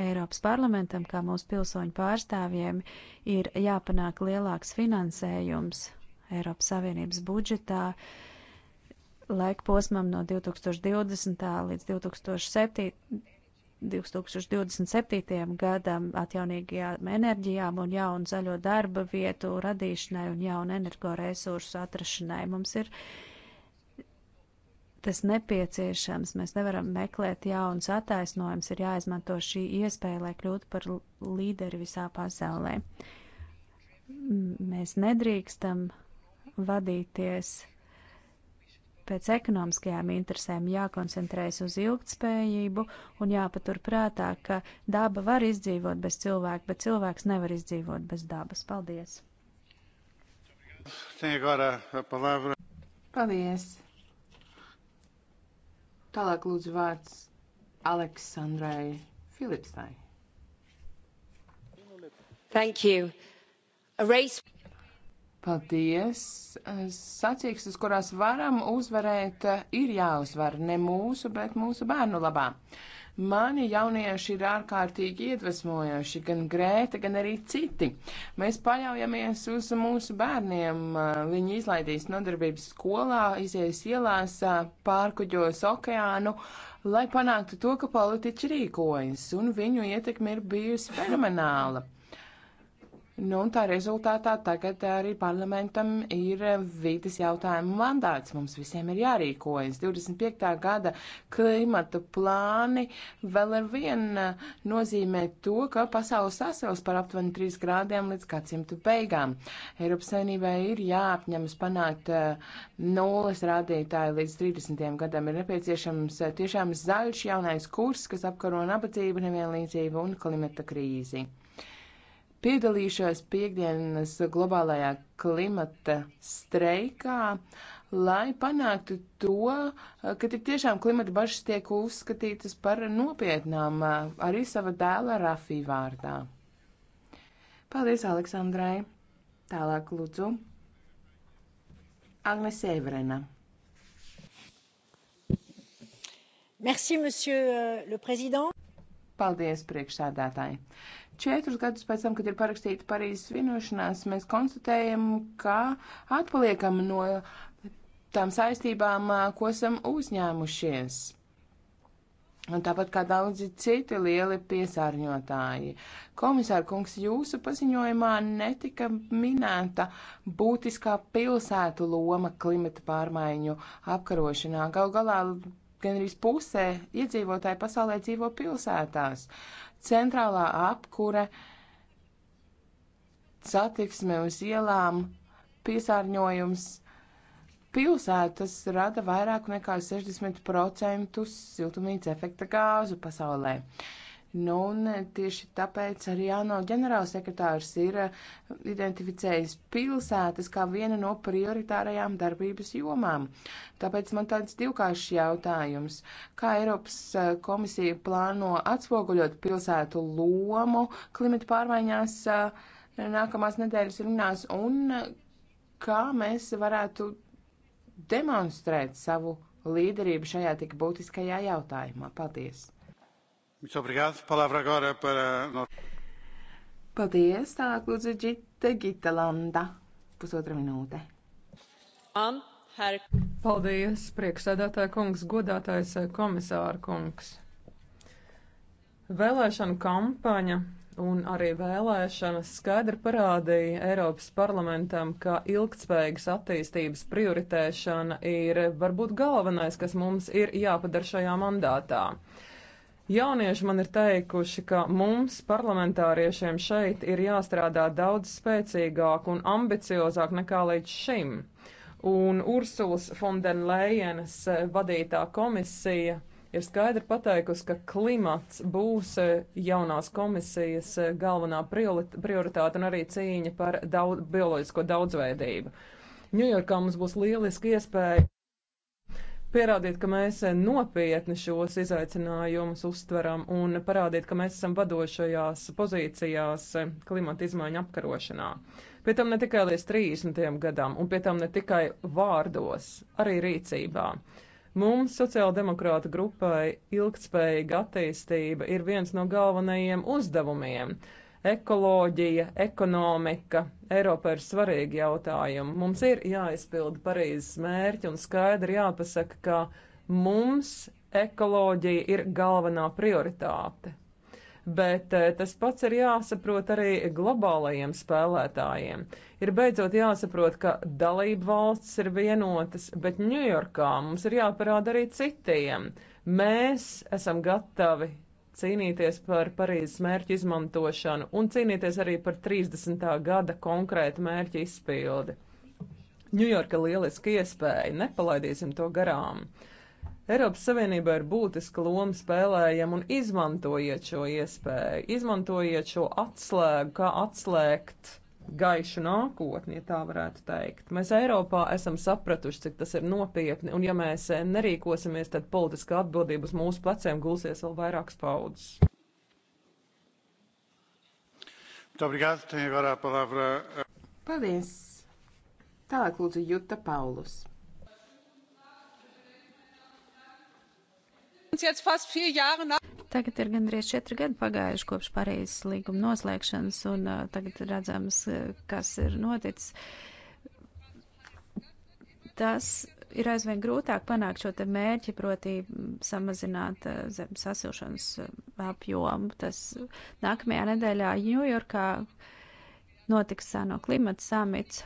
Eiropas parlamentam, kā mūsu pilsoņu pārstāvjiem, ir jāpanāk lielāks finansējums Eiropas Savienības budžetā laika posmam no 2020. līdz 2007. 2027. gadam atjaunīgajām enerģijām un jaunu zaļo darba vietu radīšanai un jaunu energoresursu atrašanai. Mums ir uh, tas nepieciešams. Mēs nevaram meklēt jaunas attaisnojumus, ir jāizmanto šī iespēja, lai kļūtu par līderi visā pasaulē. Mēs nedrīkstam vadīties pēc ekonomiskajām interesēm, jākoncentrējas uz ilgtspējību un jāpaturprātā, ka daba var izdzīvot bez cilvēka, bet cilvēks nevar izdzīvot bez dabas. Paldies! Paldies! Tālāk lūdzu vārds Aleksandrai Filipsai. Thank you. A race... Paldies! Sacīkstas, kurās varam uzvarēt, ir jāuzvar ne mūsu, bet mūsu bērnu labā. Mani jaunieši ir ārkārtīgi iedvesmojoši, gan Grēta, gan arī citi. Mēs paļaujamies uz mūsu bērniem. Viņi izlaidīs nodarbības skolā, izies ielās, pārkuģos okeānu, lai panāktu to, ka politiķi rīkojas, un viņu ietekme ir bijusi fenomenāla. Nu, un tā rezultātā tagad arī parlamentam ir vīdes jautājumu mandāts. Mums visiem ir jārīkojas. 25. gada klimatu plāni vēl ar vienu nozīmē to, ka pasaules sasils par aptuveni 3 grādiem līdz gadsimtu beigām. Eiropas saimnībai ir jāapņemas panākt nulles rādītāju līdz 30. gadam. Ir nepieciešams tiešām zaļš jaunais kurs, kas apkaro nabadzību, nevienlīdzību un klimata krīzi piedalīšos piekdienas globālajā klimata streikā, lai panāktu to, ka tik tiešām klimata bažas tiek uzskatītas par nopietnām arī sava dēla Rafī vārdā. Paldies, Aleksandrai! Tālāk lūdzu. Agnes Evrena. Merci, monsieur le président. Paldies, priekšsādātāji. Četrus gadus pēc tam, kad ir parakstīta Parīzes vienošanās, mēs konstatējam, ka atpaliekam no tām saistībām, ko esam uzņēmušies. Un tāpat kā daudzi citi lieli piesārņotāji. Komisāra kungs, jūsu paziņojumā netika minēta būtiskā pilsētu loma klimata pārmaiņu apkarošanā. Gal galā gan arī pusē iedzīvotāji pasaulē dzīvo pilsētās. Centrālā apkure, satiksme uz ielām, piesārņojums pilsētas rada vairāk nekā 60% siltumnīca efekta gāzu pasaulē. Uh, Nu, un eh, tieši tāpēc arī ANO ģenerālsekretārs ir eh, identificējis pilsētas kā vienu no prioritārajām darbības jomām. Tāpēc man tāds divkāršs jautājums. Kā Eiropas eh, komisija plāno atspoguļot pilsētu lomu klimata pārmaiņās nākamās nedēļas runās un kā mēs varētu demonstrēt savu līderību šajā tik būtiskajā jautājumā? Paldies! Paldies, tālāk lūdzu Gita Gitalanda. Pusotra minūte. An, her... Paldies, prieksēdētāja kungs, godātais eh, komisāra kungs. Vēlēšana kampaņa un arī vēlēšanas skaidri parādīja Eiropas parlamentam, ka ilgtspējīgas attīstības prioritēšana ir varbūt galvenais, kas mums ir jāpadara šajā mandātā. Jaunieši man ir teikuši, ka mums, parlamentāriešiem, šeit ir jāstrādā daudz spēcīgāk un ambiciozāk nekā līdz šim. Un Ursulas Fondenlejenes eh, vadītā komisija ir skaidri pateikusi, ka klimats būs eh, jaunās komisijas eh, galvenā prioritāte un arī cīņa par daudz, bioloģisko daudzveidību. Ņujorkā mums būs lieliski iespēja pierādīt, ka mēs nopietni šos izaicinājumus uztveram un parādīt, ka mēs esam vadošajās pozīcijās klimata izmaiņu apkarošanā. Pie tam ne tikai līdz 30. gadam, un pie tam ne tikai vārdos, arī rīcībā. Mums, sociāldemokrāta grupai, ilgtspējīga attīstība ir viens no galvenajiem uzdevumiem. Ekoloģija, ekonomika, Eiropa ir svarīgi jautājumi. Mums ir jāizpilda Parīzes mērķi un skaidri jāpasaka, ka mums ekoloģija ir galvenā prioritāte. Bet eh, tas pats ir jāsaprot arī globālajiem spēlētājiem. Ir beidzot jāsaprot, ka dalību valsts ir vienotas, bet Ņujorkā mums ir jāparāda arī citiem. Mēs esam gatavi cīnīties par Parīzes mērķu izmantošanu un cīnīties arī par 30. gada konkrētu mērķu izpildi. Ņujorka lieliski iespēja, nepalaidīsim to garām. Eiropas Savienībā ir būtiska loma spēlējama un izmantojiet šo iespēju, izmantojiet šo atslēgu, kā atslēgt gaišu nākotni, ja tā varētu teikt. Mēs Eiropā esam sapratuši, cik tas ir nopietni, un ja mēs nerīkosimies, tad politiskā atbildība uz mūsu pleciem gulsies vēl vairākas paudzes. Eh, Paldies! Tālāk lūdzu Juta Paulus. Jetzt fast vier Jahre nach Tagad ir gandrīz četri gadi pagājuši kopš Parīzes līguma noslēgšanas, un uh, tagad redzams, uh, kas ir noticis. Tas ir aizvien grūtāk panākt šo te mērķi, proti mm, samazināt uh, zemes sasilšanas uh, apjomu. Tas nākamajā nedēļā Ņujorkā notiks sāno klimata samits,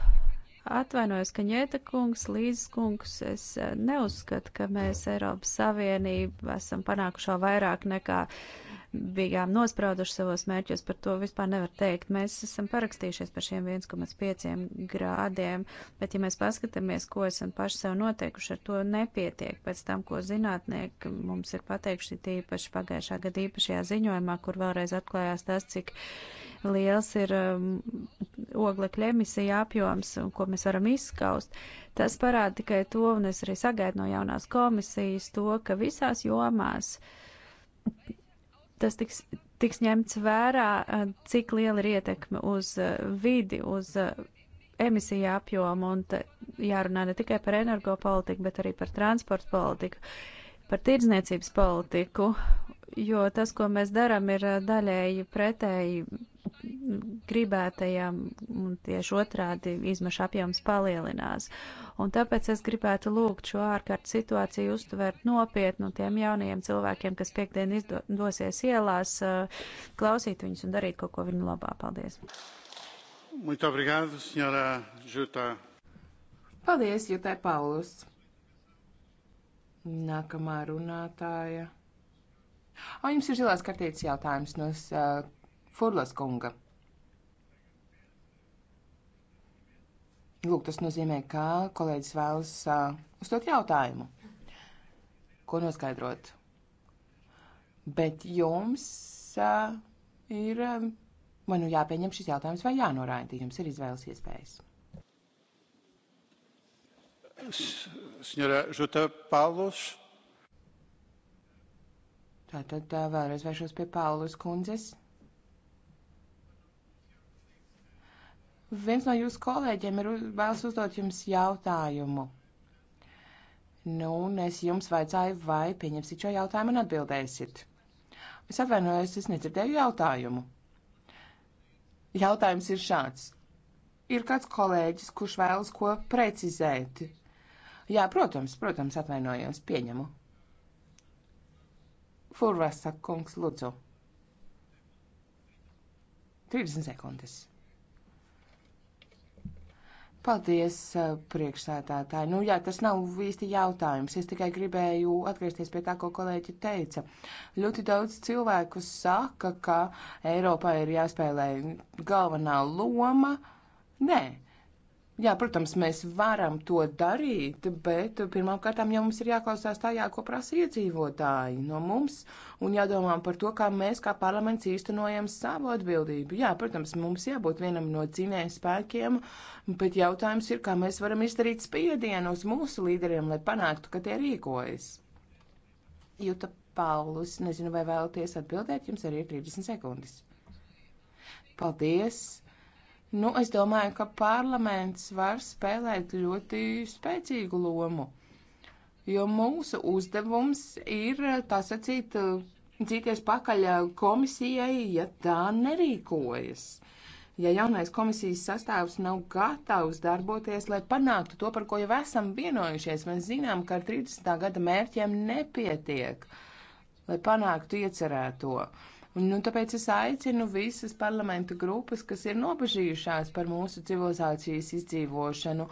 Atvainojos, ka ņēta kungs, līdzes kungs, es eh, neuzskatu, ka mēs Eiropas Savienību esam panākušo vairāk nekā uh, bijām nosprauduši savos mērķos, par to vispār nevar teikt. Mēs esam parakstījušies par šiem 1,5 grādiem, bet ja mēs paskatāmies, ko esam paši sev noteikuši, ar to nepietiek. Pēc tam, ko zinātnieki mums ir pateikuši tīpaši pagājušā gada īpašajā ziņojumā, kur vēlreiz atklājās tas, cik liels ir um, oglekļa emisija apjoms un ko mēs varam izskaust. Tas parāda tikai to, un es arī sagaidu no jaunās komisijas to, ka visās jomās tas tiks, tiks ņemts vērā, cik liela ir ietekme uz vidi, uz emisiju apjomu, un jārunā ne tikai par energopolitiku, bet arī par transportu politiku, par tirdzniecības politiku, jo tas, ko mēs darām, ir daļēji pretēji gribētajam, un tieši otrādi izmeša apjoms palielinās. Un tāpēc es gribētu lūgt šo ārkārtas situāciju uztvert nopietnu tiem jaunajiem cilvēkiem, kas piekdien izdo, dosies ielās, klausīt viņus un darīt kaut ko viņu labā. Paldies! Muito obrigado, senhora Juta. Paldies, Jutai Paulus. Nākamā runātāja. O, jums ir zilās kartītes jautājums no uh, Furlas kunga. Lūk, tas nozīmē, ka kolēģis vēlas uh, uzdot jautājumu, ko noskaidrot. Bet jums uh, ir uh, man nu jāpieņem šis jautājums vai jānoraida. Jums ir izvēles iespējas. Senora Žuta Pālus. Tātad vēlreiz vēršos pie Pālus kundzes. Viens no jūsu kolēģiem ir vēlas uzdot jums jautājumu. Nu, un es jums vaicāju, vai pieņemsit šo jautājumu un atbildēsit. Es atvainojos, es nedzirdēju jautājumu. Jautājums ir šāds. Ir kāds kolēģis, kurš vēlas ko precizēt? Jā, protams, protams, atvainojos, pieņemu. Furvasa kungs, lūdzu. 30 sekundes. Paldies, eh, priekšsētātāji. Nu, jā, tas nav īsti jautājums. Es tikai gribēju atgriezties pie tā, ko kolēģi teica. Ļoti daudz cilvēku saka, ka Eiropā ir jāspēlē galvenā loma. Nē, Jā, protams, mēs varam to darīt, bet pirmkārt jau mums ir jāklausās tajā, ko prasa iedzīvotāji no mums, un jādomā par to, kā mēs kā parlaments īstenojam savu atbildību. Jā, protams, mums jābūt vienam no cīnēju spēkiem, bet jautājums ir, kā mēs varam izdarīt spiedienu uz mūsu līderiem, lai panāktu, ka tie rīkojas. Jūta Paulus, nezinu, vai vēlaties atbildēt, jums arī ir 30 sekundes. Paldies! Nu, es domāju, ka parlaments var spēlēt ļoti spēcīgu lomu, jo mūsu uzdevums ir, eh, tā sacīt, dzīties eh, pakaļ eh, komisijai, ja tā nerīkojas. Ja jaunais komisijas sastāvs nav gatavs darboties, lai panāktu to, par ko jau esam vienojušies, mēs zinām, ka ar 30. gada mērķiem nepietiek, lai panāktu iecerēto. Uh, Un, nu, tāpēc es aicinu visas parlamenta grupas, kas ir nobežījušās par mūsu civilizācijas izdzīvošanu,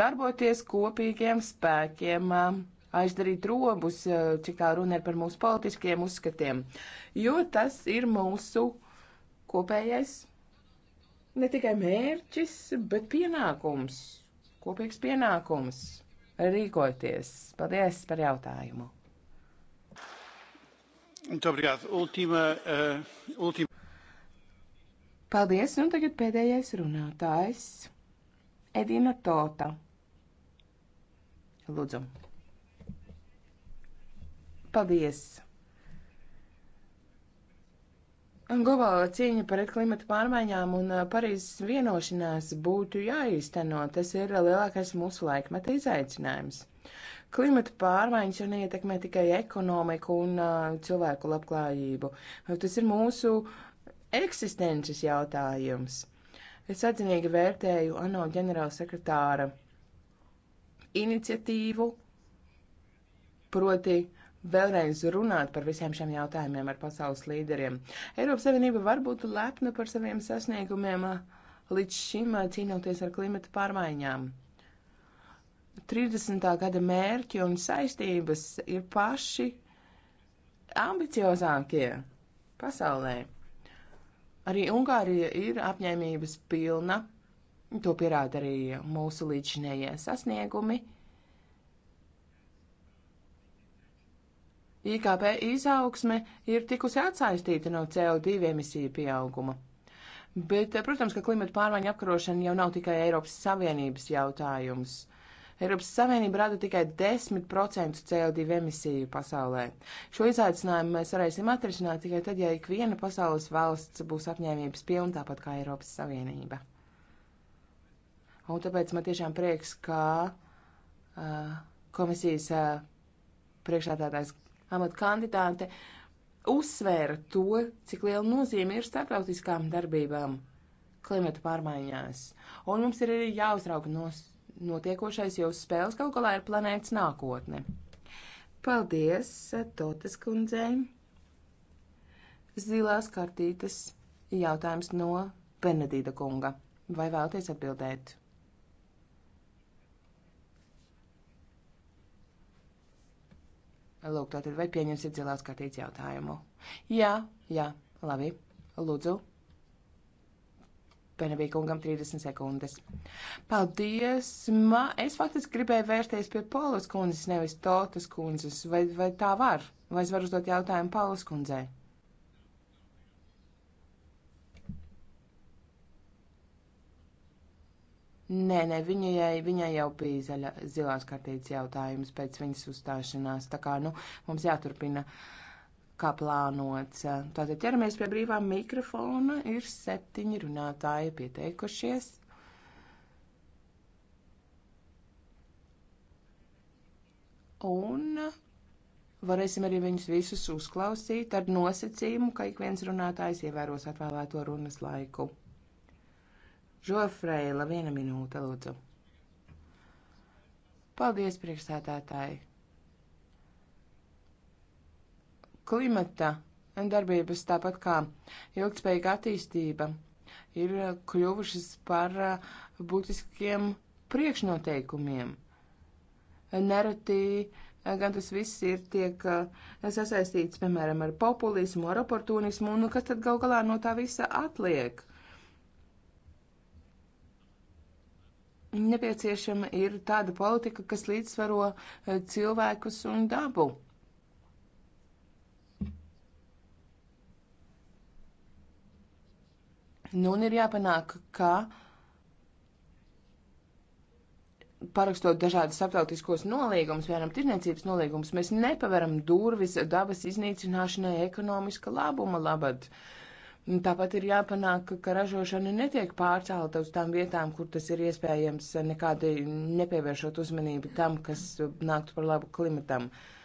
darboties kopīgiem spēkiem, um, aizdarīt robus, uh, cik tā runa ir par mūsu politiskiem uzskatiem, jo tas ir mūsu kopējais ne tikai mērķis, bet pienākums, kopīgs pienākums rīkoties. Paldies par jautājumu! Eh, Paldies, un tagad pēdējais runātājs - Edina Tota. Lūdzu. Paldies! Globāla cīņa pret klimatu pārmaiņām un eh, Parīzes vienošanās būtu jāīsteno. Tas ir lielākais mūsu laikmeta izaicinājums. Klimata pārmaiņas jau neietekmē tikai ekonomiku un uh, cilvēku labklājību. Tas ir mūsu eksistences jautājums. Es atzinīgi vērtēju ANO ģenerālsekretāra iniciatīvu, proti vēlreiz runāt par visiem šiem jautājumiem ar pasaules līderiem. Eiropas Savienība var būt lepna par saviem sasniegumiem uh, līdz šim uh, cīnoties ar klimata pārmaiņām. 30. gada mērķi un saistības ir paši ambiciozākie pasaulē. Arī Ungārija ir apņēmības pilna, to pierāda arī mūsu līdzinējie sasniegumi. IKP izaugsme ir tikusi atsaistīta no CO2 emisiju pieauguma. Bet, protams, ka klimata pārmaiņa apkarošana jau nav tikai Eiropas Savienības jautājums. Uh, Eiropas Savienība rada tikai 10% CO2 emisiju pasaulē. Šo izaicinājumu mēs varēsim atrisināt tikai tad, ja ikviena pasaules valsts būs apņēmības pilna, tāpat kā Eiropas Savienība. Un tāpēc man tiešām prieks, ka uh, komisijas uh, priekšādātājs amata kandidāte uzsvēra to, cik liela nozīme ir starptautiskām darbībām klimata pārmaiņās. Un mums ir arī jāuzrauga nos notiekošais jūsu spēles kaut galā ir planētas nākotne. Paldies Totes kundzei. Zilās kartītes jautājums no Benedīta kunga. Vai vēlties atbildēt? Lūk, tātad vai pieņemsiet zilās kartītes jautājumu? Jā, jā, labi, lūdzu. Penebija kungam 30 sekundes. Paldies! Ma, es faktiski gribēju vērsties pie Polas kundzes, nevis Totas kundzes. Vai, vai tā var? Vai es varu uzdot jautājumu Polas kundzei? Nē, nē, viņai, viņai jau bija zaļa, zilās kartītes jautājums pēc viņas uzstāšanās. Tā kā, nu, mums jāturpina. Uh, kā plānots. Tātad ķeramies pie brīvā mikrofona. Ir septiņi runātāji pieteikušies. Un varēsim arī viņus visus uzklausīt ar nosacījumu, ka ik viens runātājs ievēros atvēlēto runas laiku. Žofreila, viena minūte, lūdzu. Paldies, priekšsēdētāji! Klimata darbības, tāpat kā ilgspējīga attīstība, ir kļuvušas par uh, būtiskiem priekšnoteikumiem. Nereti uh, gan tas viss ir tiek uh, sasaistīts, piemēram, ar populismu, ar oportunismu, un nu, kas tad gal galā no tā visa atliek? Nepieciešama ir tāda politika, kas līdzsvaro cilvēkus un dabu. Nu, un ir jāpanāk, ka parakstot dažādas starptautiskos nolīgumus, piemēram, tirniecības nolīgumus, mēs nepaveram durvis dabas iznīcināšanai ekonomiska labuma labad. Tāpat ir jāpanāk, ka ražošana netiek pārcelta uz tām vietām, kur tas ir iespējams, nekādi nepievēršot uzmanību tam, kas nāktu par labu klimatam. Uh,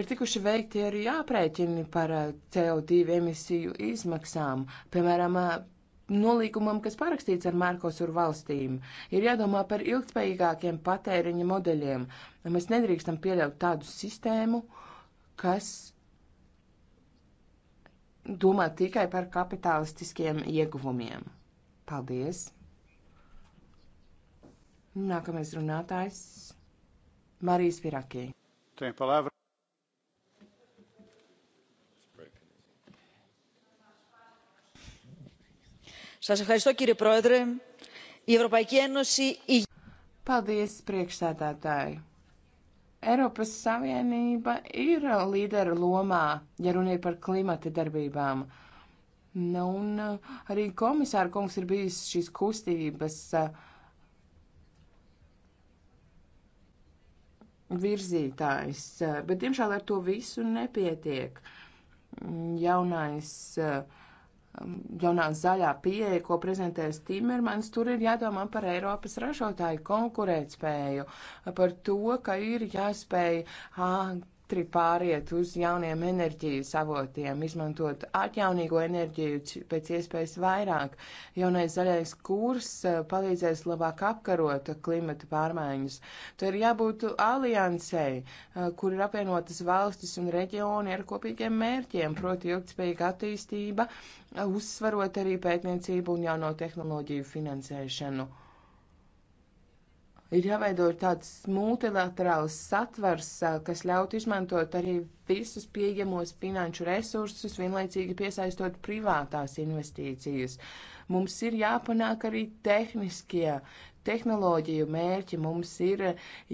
ir tikuši veikti arī aprēķini par eh, CO2 emisiju izmaksām, piemēram, eh, nolīgumam, kas parakstīts ar Mērkosur valstīm. Ir jādomā par ilgspējīgākiem patēriņa modeļiem. Mēs nedrīkstam pieļaut tādu sistēmu, kas domā tikai par kapitalistiskiem ieguvumiem. Paldies! Nākamais runātājs Marijas Pirakī. Tem palavra. Paldies, priekšsēdētāji! Eiropas Savienība ir līdera lomā, ja runāja par klimata darbībām. Nu, un uh, arī komisāra kungs ir bijis šīs kustības uh, virzītājs, uh, bet diemžēl ar to visu nepietiek. Mm, jaunais uh, Um, jaunā zaļā pieeja, ko prezentēs Timermans, tur ir jādomā par Eiropas ražotāju konkurētspēju, par to, ka ir jāspēj ātri pāriet uz jauniem enerģijas avotiem, izmantot atjaunīgo enerģiju pēc iespējas vairāk. Jaunais zaļais kurs palīdzēs labāk apkarot klimata pārmaiņas. Tur ir jābūt aliansei, kur ir apvienotas valstis un reģioni ar kopīgiem mērķiem, proti ilgtspējīga attīstība, uzsvarot arī pētniecību un jauno tehnoloģiju finansēšanu ir jāveido tāds multilaterāls satvers, kas ļaut izmantot arī visus pieejamos finanšu resursus, vienlaicīgi piesaistot privātās investīcijas. Mums ir jāpanāk arī tehniskie, tehnoloģiju mērķi, mums ir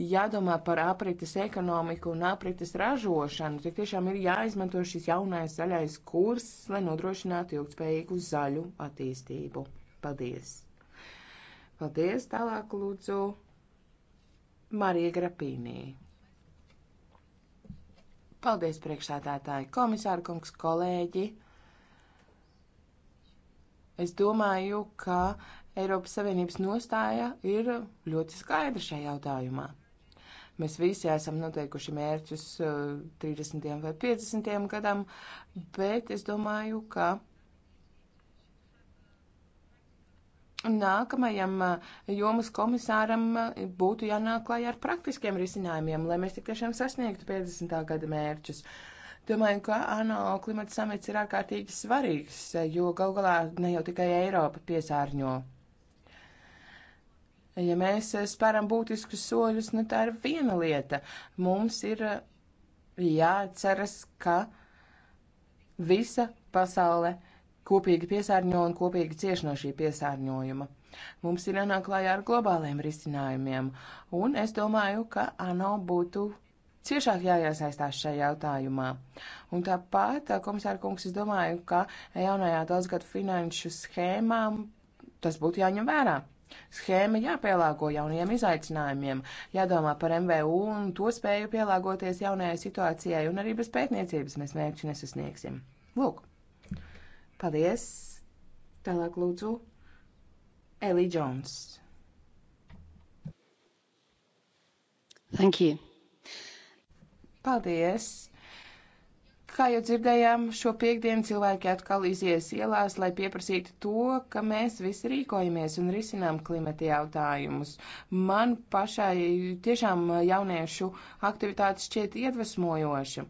jādomā par aprites ekonomiku un aprites ražošanu. Tik tiešām ir jāizmanto šis jaunais zaļais kurs, lai nodrošinātu ilgspējīgu zaļu attīstību. Paldies! Paldies, tālāk lūdzu Marija Grapīnī. Paldies, priekšsādātāji, komisāra kungs, kolēģi. Es domāju, ka Eiropas Savienības nostāja ir ļoti skaidra šajā jautājumā. Mēs visi esam noteikuši mērķus 30. Eh, vai 50. gadam, bet es domāju, ka nākamajam eh, jomas komisāram eh, būtu jānāk klajā ar praktiskiem risinājumiem, lai mēs tik tiešām sasniegtu 50. gada mērķus. Domāju, ka ANO klimata samits ir ārkārtīgi svarīgs, eh, jo gal galā ne jau tikai Eiropa piesārņo. Ja mēs spēram būtiskus soļus, nu tā ir viena lieta. Mums ir jāceras, ka visa pasaule kopīgi piesārņo un kopīgi cieš no šī piesārņojuma. Mums ir jānāk klājā ar globāliem risinājumiem, un es domāju, ka ANO būtu ciešāk jāiesaistās šajā jautājumā. Un tāpat, komisāra kungs, es domāju, ka jaunajā daudzgadu finanšu schēmām tas būtu jāņem vērā. Schēma jāpielāgo jaunajiem izaicinājumiem, jādomā par MVU un to spēju pielāgoties jaunajai situācijai, un arī bez pētniecības mēs mērķi nesasniegsim. Lūk! Paldies! Tālāk lūdzu Elī Džons. Thank you. Paldies! Kā jau dzirdējām, šo piekdienu cilvēki atkal izies ielās, lai pieprasītu to, ka mēs visi rīkojamies un risinām klimata jautājumus. Man pašai tiešām jauniešu aktivitātes šķiet iedvesmojoša.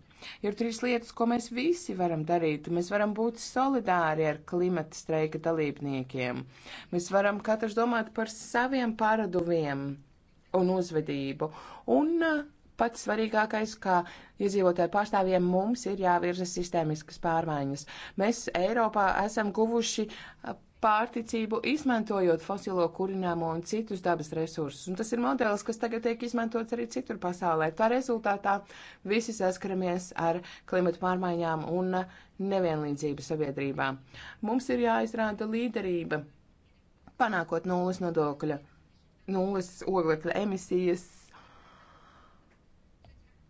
Ir trīs lietas, ko mēs visi varam darīt. Mēs varam būt solidāri ar klimata streika dalībniekiem. Mēs varam katrs domāt par saviem paradumiem un uzvedību. Un uh, pats svarīgākais, kā iedzīvotāju pārstāvjiem mums ir jāvirza sistēmiskas pārmaiņas. Mēs Eiropā esam guvuši pārticību izmantojot fosilo kurināmo un citus dabas resursus. Un tas ir modelis, kas tagad tiek izmantots arī citur pasaulē. Tā rezultātā visi saskaramies ar klimatu pārmaiņām un nevienlīdzību sabiedrībā. Mums ir jāizrāda līderība, panākot nulles nodokļa, nulles oglekļa emisijas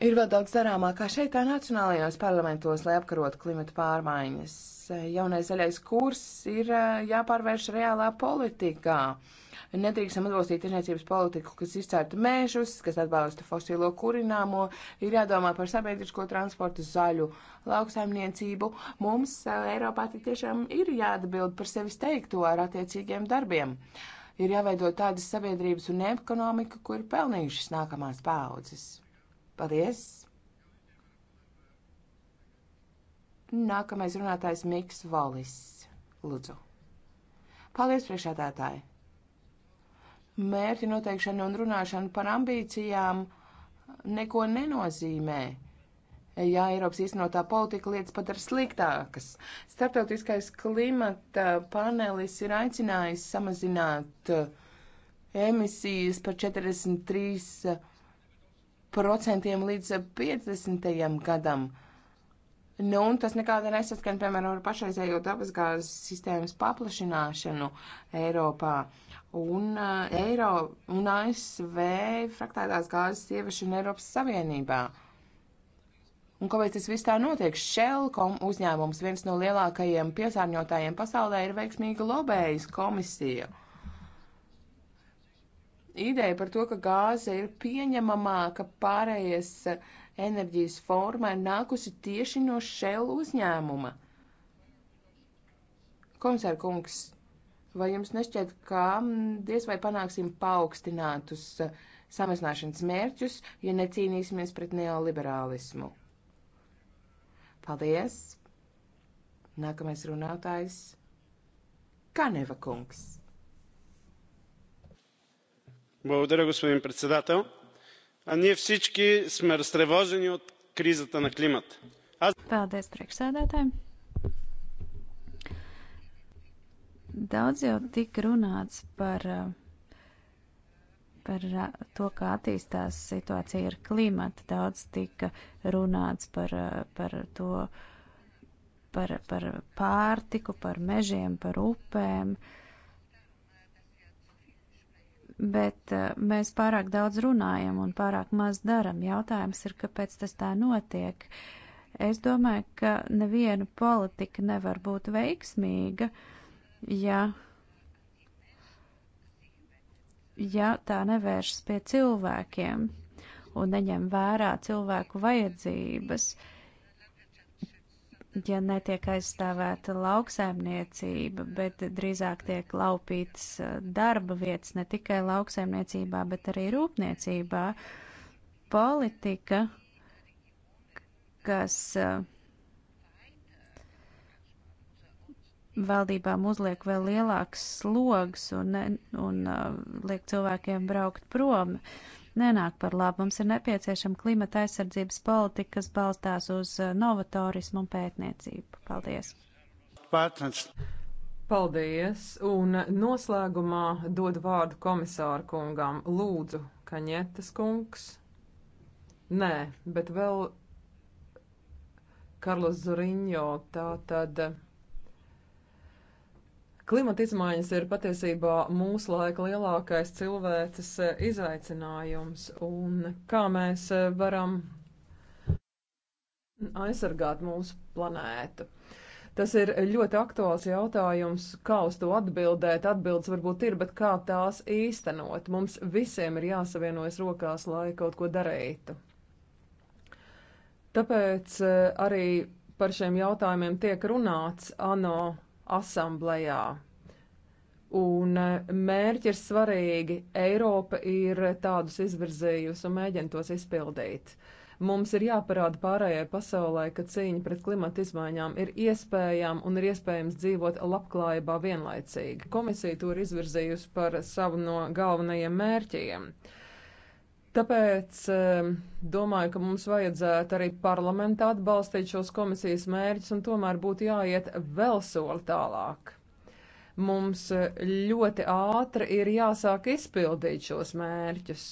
Ir vēl daudz darāmā, kā šeit, tā nacionālajos parlamentos, lai apkarotu klimatu pārmaiņas. Jaunais zaļais kurs ir eh, jāpārvērš reālā politikā. Nedrīkstam atbalstīt tirniecības politiku, kas izcērta mēžus, kas atbalsta fosilo kurināmo, ir jādomā par sabiedrisko transportu, zaļu lauksaimniecību. Mums eh, Eiropā tik tiešām ir jāatbild par sevis teikto ar attiecīgiem darbiem. Ir jāveido tādas sabiedrības un ekonomika, kur ir pelnījušas nākamās paudzes. Paldies! Nākamais runātājs Miks Valis. Lūdzu. Paldies, priekšādātāji! Mērķi noteikšana un runāšana par ambīcijām neko nenozīmē. Ja Eiropas īstenotā politika lietas padara sliktākas, starptautiskais klimata panelis ir aicinājis samazināt emisijas par 43 procentiem līdz 50. gadam. Nu, un tas nekāda nesaskan, piemēram, ar pašreizējo dabasgāzes sistēmas paplašināšanu Eiropā. Un, uh, Eiro, un ASV fraktētās gāzes ieviešana Eiropas Savienībā. Un kāpēc tas viss tā notiek? Shell uzņēmums, viens no lielākajiem piesārņotājiem pasaulē, ir veiksmīgi lobējis komisiju ideja par to, ka gāze ir pieņemamāka pārējais enerģijas formā, ir nākusi tieši no Shell uzņēmuma. Komisār kungs, vai jums nešķiet, ka mm, diez vai panāksim paaugstinātus eh, samazināšanas mērķus, ja necīnīsimies pret neoliberālismu? Paldies! Nākamais runātājs - Kaneva kungs. Благодаря, господин председател. А ние всички сме разтревожени от кризата на климата. Аз... Paldies, priekšsēdētāji. Daudz jau tika runāts par, par to, kā attīstās situācija ar klimatu. Daudz tika runāts par, par to, par, par pārtiku, par mežiem, par upēm. Uh, bet eh, mēs pārāk daudz runājam un pārāk maz daram. Jautājums ir, kāpēc tas tā notiek. Es domāju, ka neviena politika nevar būt veiksmīga, ja, ja tā nevēršas pie cilvēkiem un neņem vērā cilvēku vajadzības. Uh, ja netiek aizstāvēta lauksaimniecība, bet drīzāk tiek laupītas uh, darba vietas ne tikai lauksaimniecībā, bet arī rūpniecībā, politika, kas uh, valdībām uzliek vēl lielāks slogs un, un uh, liek cilvēkiem braukt prom. Uh, nenāk par labu. Mums ir nepieciešama klimata aizsardzības politika, kas balstās uz uh, novatorismu un pētniecību. Paldies! Pārtans. Paldies! Un noslēgumā dod vārdu komisāru kungam. Lūdzu, Kaņetas kungs. Nē, bet vēl Karlos Zuriņo, tā tad. Klimata izmaiņas ir patiesībā mūsu laika lielākais cilvēces eh, izaicinājums, un kā mēs eh, varam aizsargāt mūsu planētu. Tas ir ļoti aktuāls jautājums, kā uz to atbildēt. Atbildes varbūt ir, bet kā tās īstenot. Mums visiem ir jāsavienojas rokās, lai kaut ko darītu. Tāpēc eh, arī par šiem jautājumiem tiek runāts ANO asamblējā. Un eh, mērķi ir svarīgi. Eiropa ir tādus izvirzījusi un mēģina tos izpildīt. Mums ir jāparāda pārējai pasaulē, ka cīņa pret klimatu izmaiņām ir iespējama un ir iespējams dzīvot labklājībā vienlaicīgi. Komisija to ir izvirzījusi par savu no galvenajiem mērķiem. Uh, Tāpēc ehm, domāju, ka mums vajadzētu arī parlamentā atbalstīt šos komisijas mērķus un tomēr būtu jāiet vēl soli tālāk. Mums eh, ļoti ātri ir jāsāk izpildīt šos mērķus.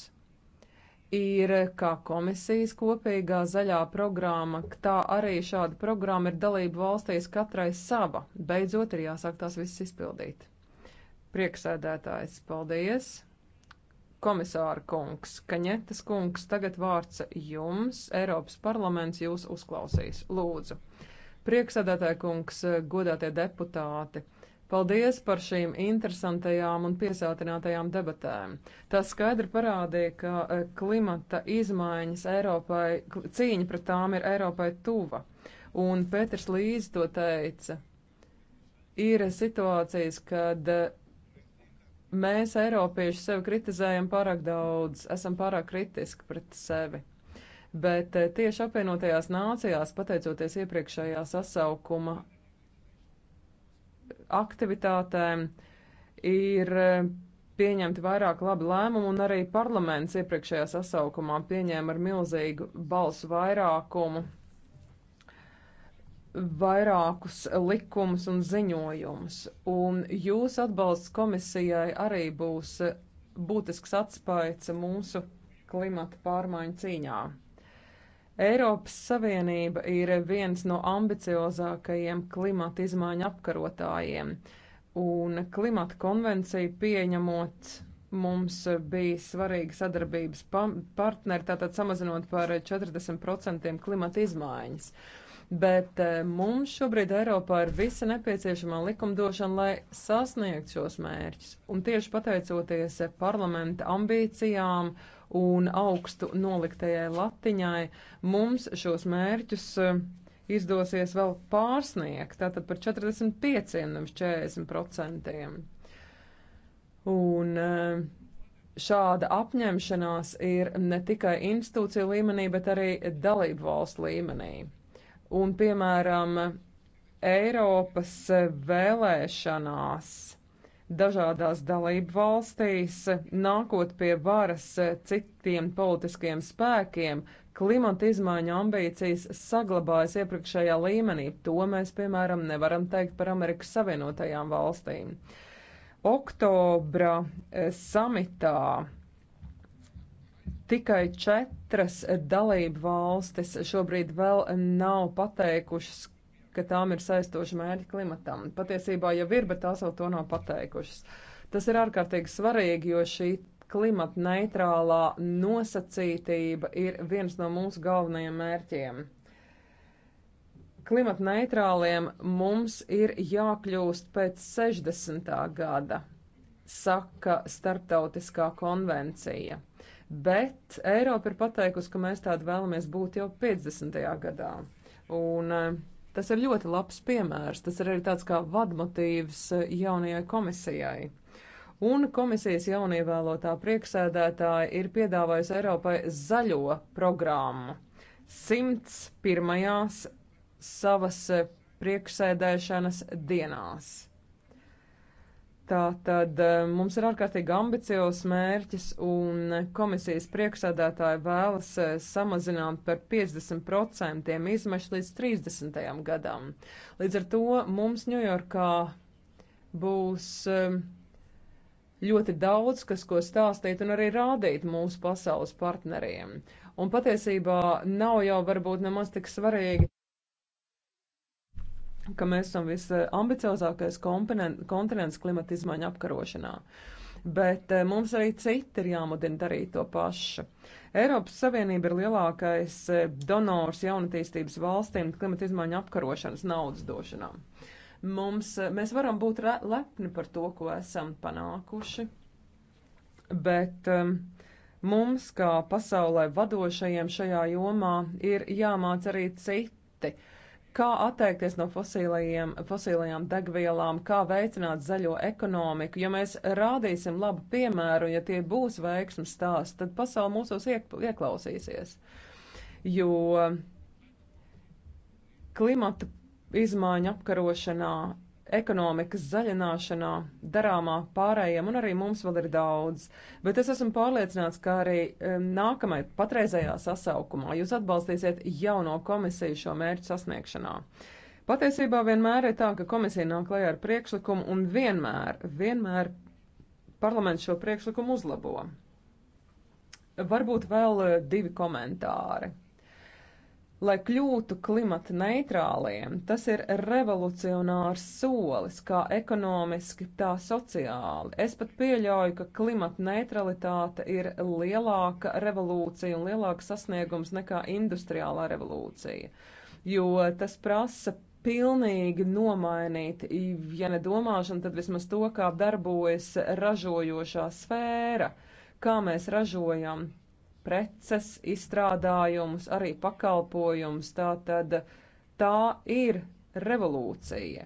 Ir kā komisijas kopīgā zaļā programma, tā arī šāda programma ir dalība valstīs katrai sava. Beidzot ir jāsāk tās visas izpildīt. Prieksēdētājs, paldies! Komisāra kungs, Kaņetas kungs, tagad vārds jums. Eiropas parlaments jūs uzklausīs. Lūdzu. Prieksēdētāja kungs, godātie deputāti. Paldies par šīm interesantajām un piesātinātajām debatēm. Tas skaidri parādīja, ka e, klimata izmaiņas Eiropai, cīņa pret tām ir Eiropai tuva. Un Pēters Līdz to teica, ir situācijas, kad mēs, Eiropieši, sevi kritizējam pārāk daudz, esam pārāk kritiski pret sevi. Bet eh, tieši apvienotajās nācijās, pateicoties iepriekšējā sasaukuma aktivitātēm, ir eh, pieņemti vairāk labi lēmumi, un arī parlaments iepriekšējā sasaukumā pieņēma ar milzīgu balsu vairākumu vairākus likumus un ziņojumus, un jūsu atbalsts komisijai arī būs būtisks atspaids mūsu klimata pārmaiņu cīņā. Eiropas Savienība ir viens no ambiciozākajiem klimata izmaiņu apkarotājiem, un klimata konvenciju pieņemot mums bija svarīga sadarbības partneri, tātad samazinot par 40% klimata izmaiņas. Uh, bet eh, mums šobrīd Eiropā ir visa nepieciešamā likumdošana, lai sasniegtu šos mērķus. Un tieši pateicoties parlamenta ambīcijām un augstu noliktajai latiņai, mums šos mērķus eh, izdosies vēl pārsniegt, tātad par 45 līdz 40 procentiem. Un uh, šāda apņemšanās ir ne tikai institūcija līmenī, bet arī dalību valstu līmenī. Un, piemēram, Eiropas vēlēšanās dažādās dalību valstīs, nākot pie varas citiem politiskiem spēkiem, klimata izmaiņu ambīcijas saglabājas iepriekšējā līmenī. To mēs, piemēram, nevaram teikt par Amerikas Savienotajām valstīm. Oktobra eh, samitā Tikai četras dalību valstis šobrīd vēl nav pateikušas, ka tām ir saistoši mērķi klimatam. Patiesībā jau ir, bet tās vēl to nav pateikušas. Tas ir ārkārtīgi svarīgi, jo šī klimata neitrālā nosacītība ir viens no mūsu galvenajiem mērķiem. Klimata neitrāliem mums ir jākļūst pēc 60. gada, saka starptautiskā konvencija bet Eiropa ir pateikusi, ka mēs tādu vēlamies būt jau 50. gadā. Un e, tas ir ļoti labs piemērs, tas ir arī tāds kā vadmotīvs e, jaunajai komisijai. Un komisijas jaunievēlotā prieksēdētāja ir piedāvājusi Eiropai zaļo programmu. Simts pirmajās savas e, priekšsēdēšanas dienās. Tā tad eh, mums ir ārkārtīgi ambiciozs mērķis, un komisijas priekšsādātāji vēlas eh, samazināt par 50% izmešu līdz 30. gadam. Līdz ar to mums Ņujorkā būs eh, ļoti daudz, kas ko stāstīt un arī rādīt mūsu pasaules partneriem. Un patiesībā nav jau varbūt nemaz tik svarīgi ka mēs esam visambiciozākais kontinents klimata izmaiņu apkarošanā. Bet eh, mums arī citi ir jāmudina darīt to pašu. Eiropas Savienība ir lielākais eh, donors jaunatīstības valstīm klimata izmaiņu apkarošanas naudas došanām. Mums, eh, mēs varam būt lepni par to, ko esam panākuši, bet um, mums, kā pasaulē vadošajiem šajā jomā, ir jāmāc arī citi. Uh, kā atteikties no fosilajām degvielām, kā veicināt zaļo ekonomiku. Ja mēs rādīsim labu piemēru, ja tie būs veiksmes stāsts, tad pasauli mūsos iek, ieklausīsies. Jo klimata izmaiņu apkarošanā ekonomikas zaļināšanā, darāmā pārējiem, un arī mums vēl ir daudz. Bet es esmu pārliecināts, ka arī nākamajā, patreizējā sasaukumā jūs atbalstīsiet jauno komisiju šo mērķu sasniegšanā. Patiesībā vienmēr ir tā, ka komisija nāk klajā ar priekšlikumu un vienmēr, vienmēr parlaments šo priekšlikumu uzlabo. Varbūt vēl eh, divi komentāri. Lai kļūtu klimata neitrāliem, tas ir revolucionārs solis, kā ekonomiski, tā sociāli. Es pat pieļauju, ka klimata neutralitāte ir lielāka revolūcija un lielāka sasniegums nekā industriālā revolūcija, jo tas prasa pilnīgi nomainīt, ja ne domāšanu, tad vismaz to, kā darbojas ražojošā sfēra, kā mēs ražojam, preces, izstrādājumus, arī pakalpojumus. Tātad tā ir revolūcija.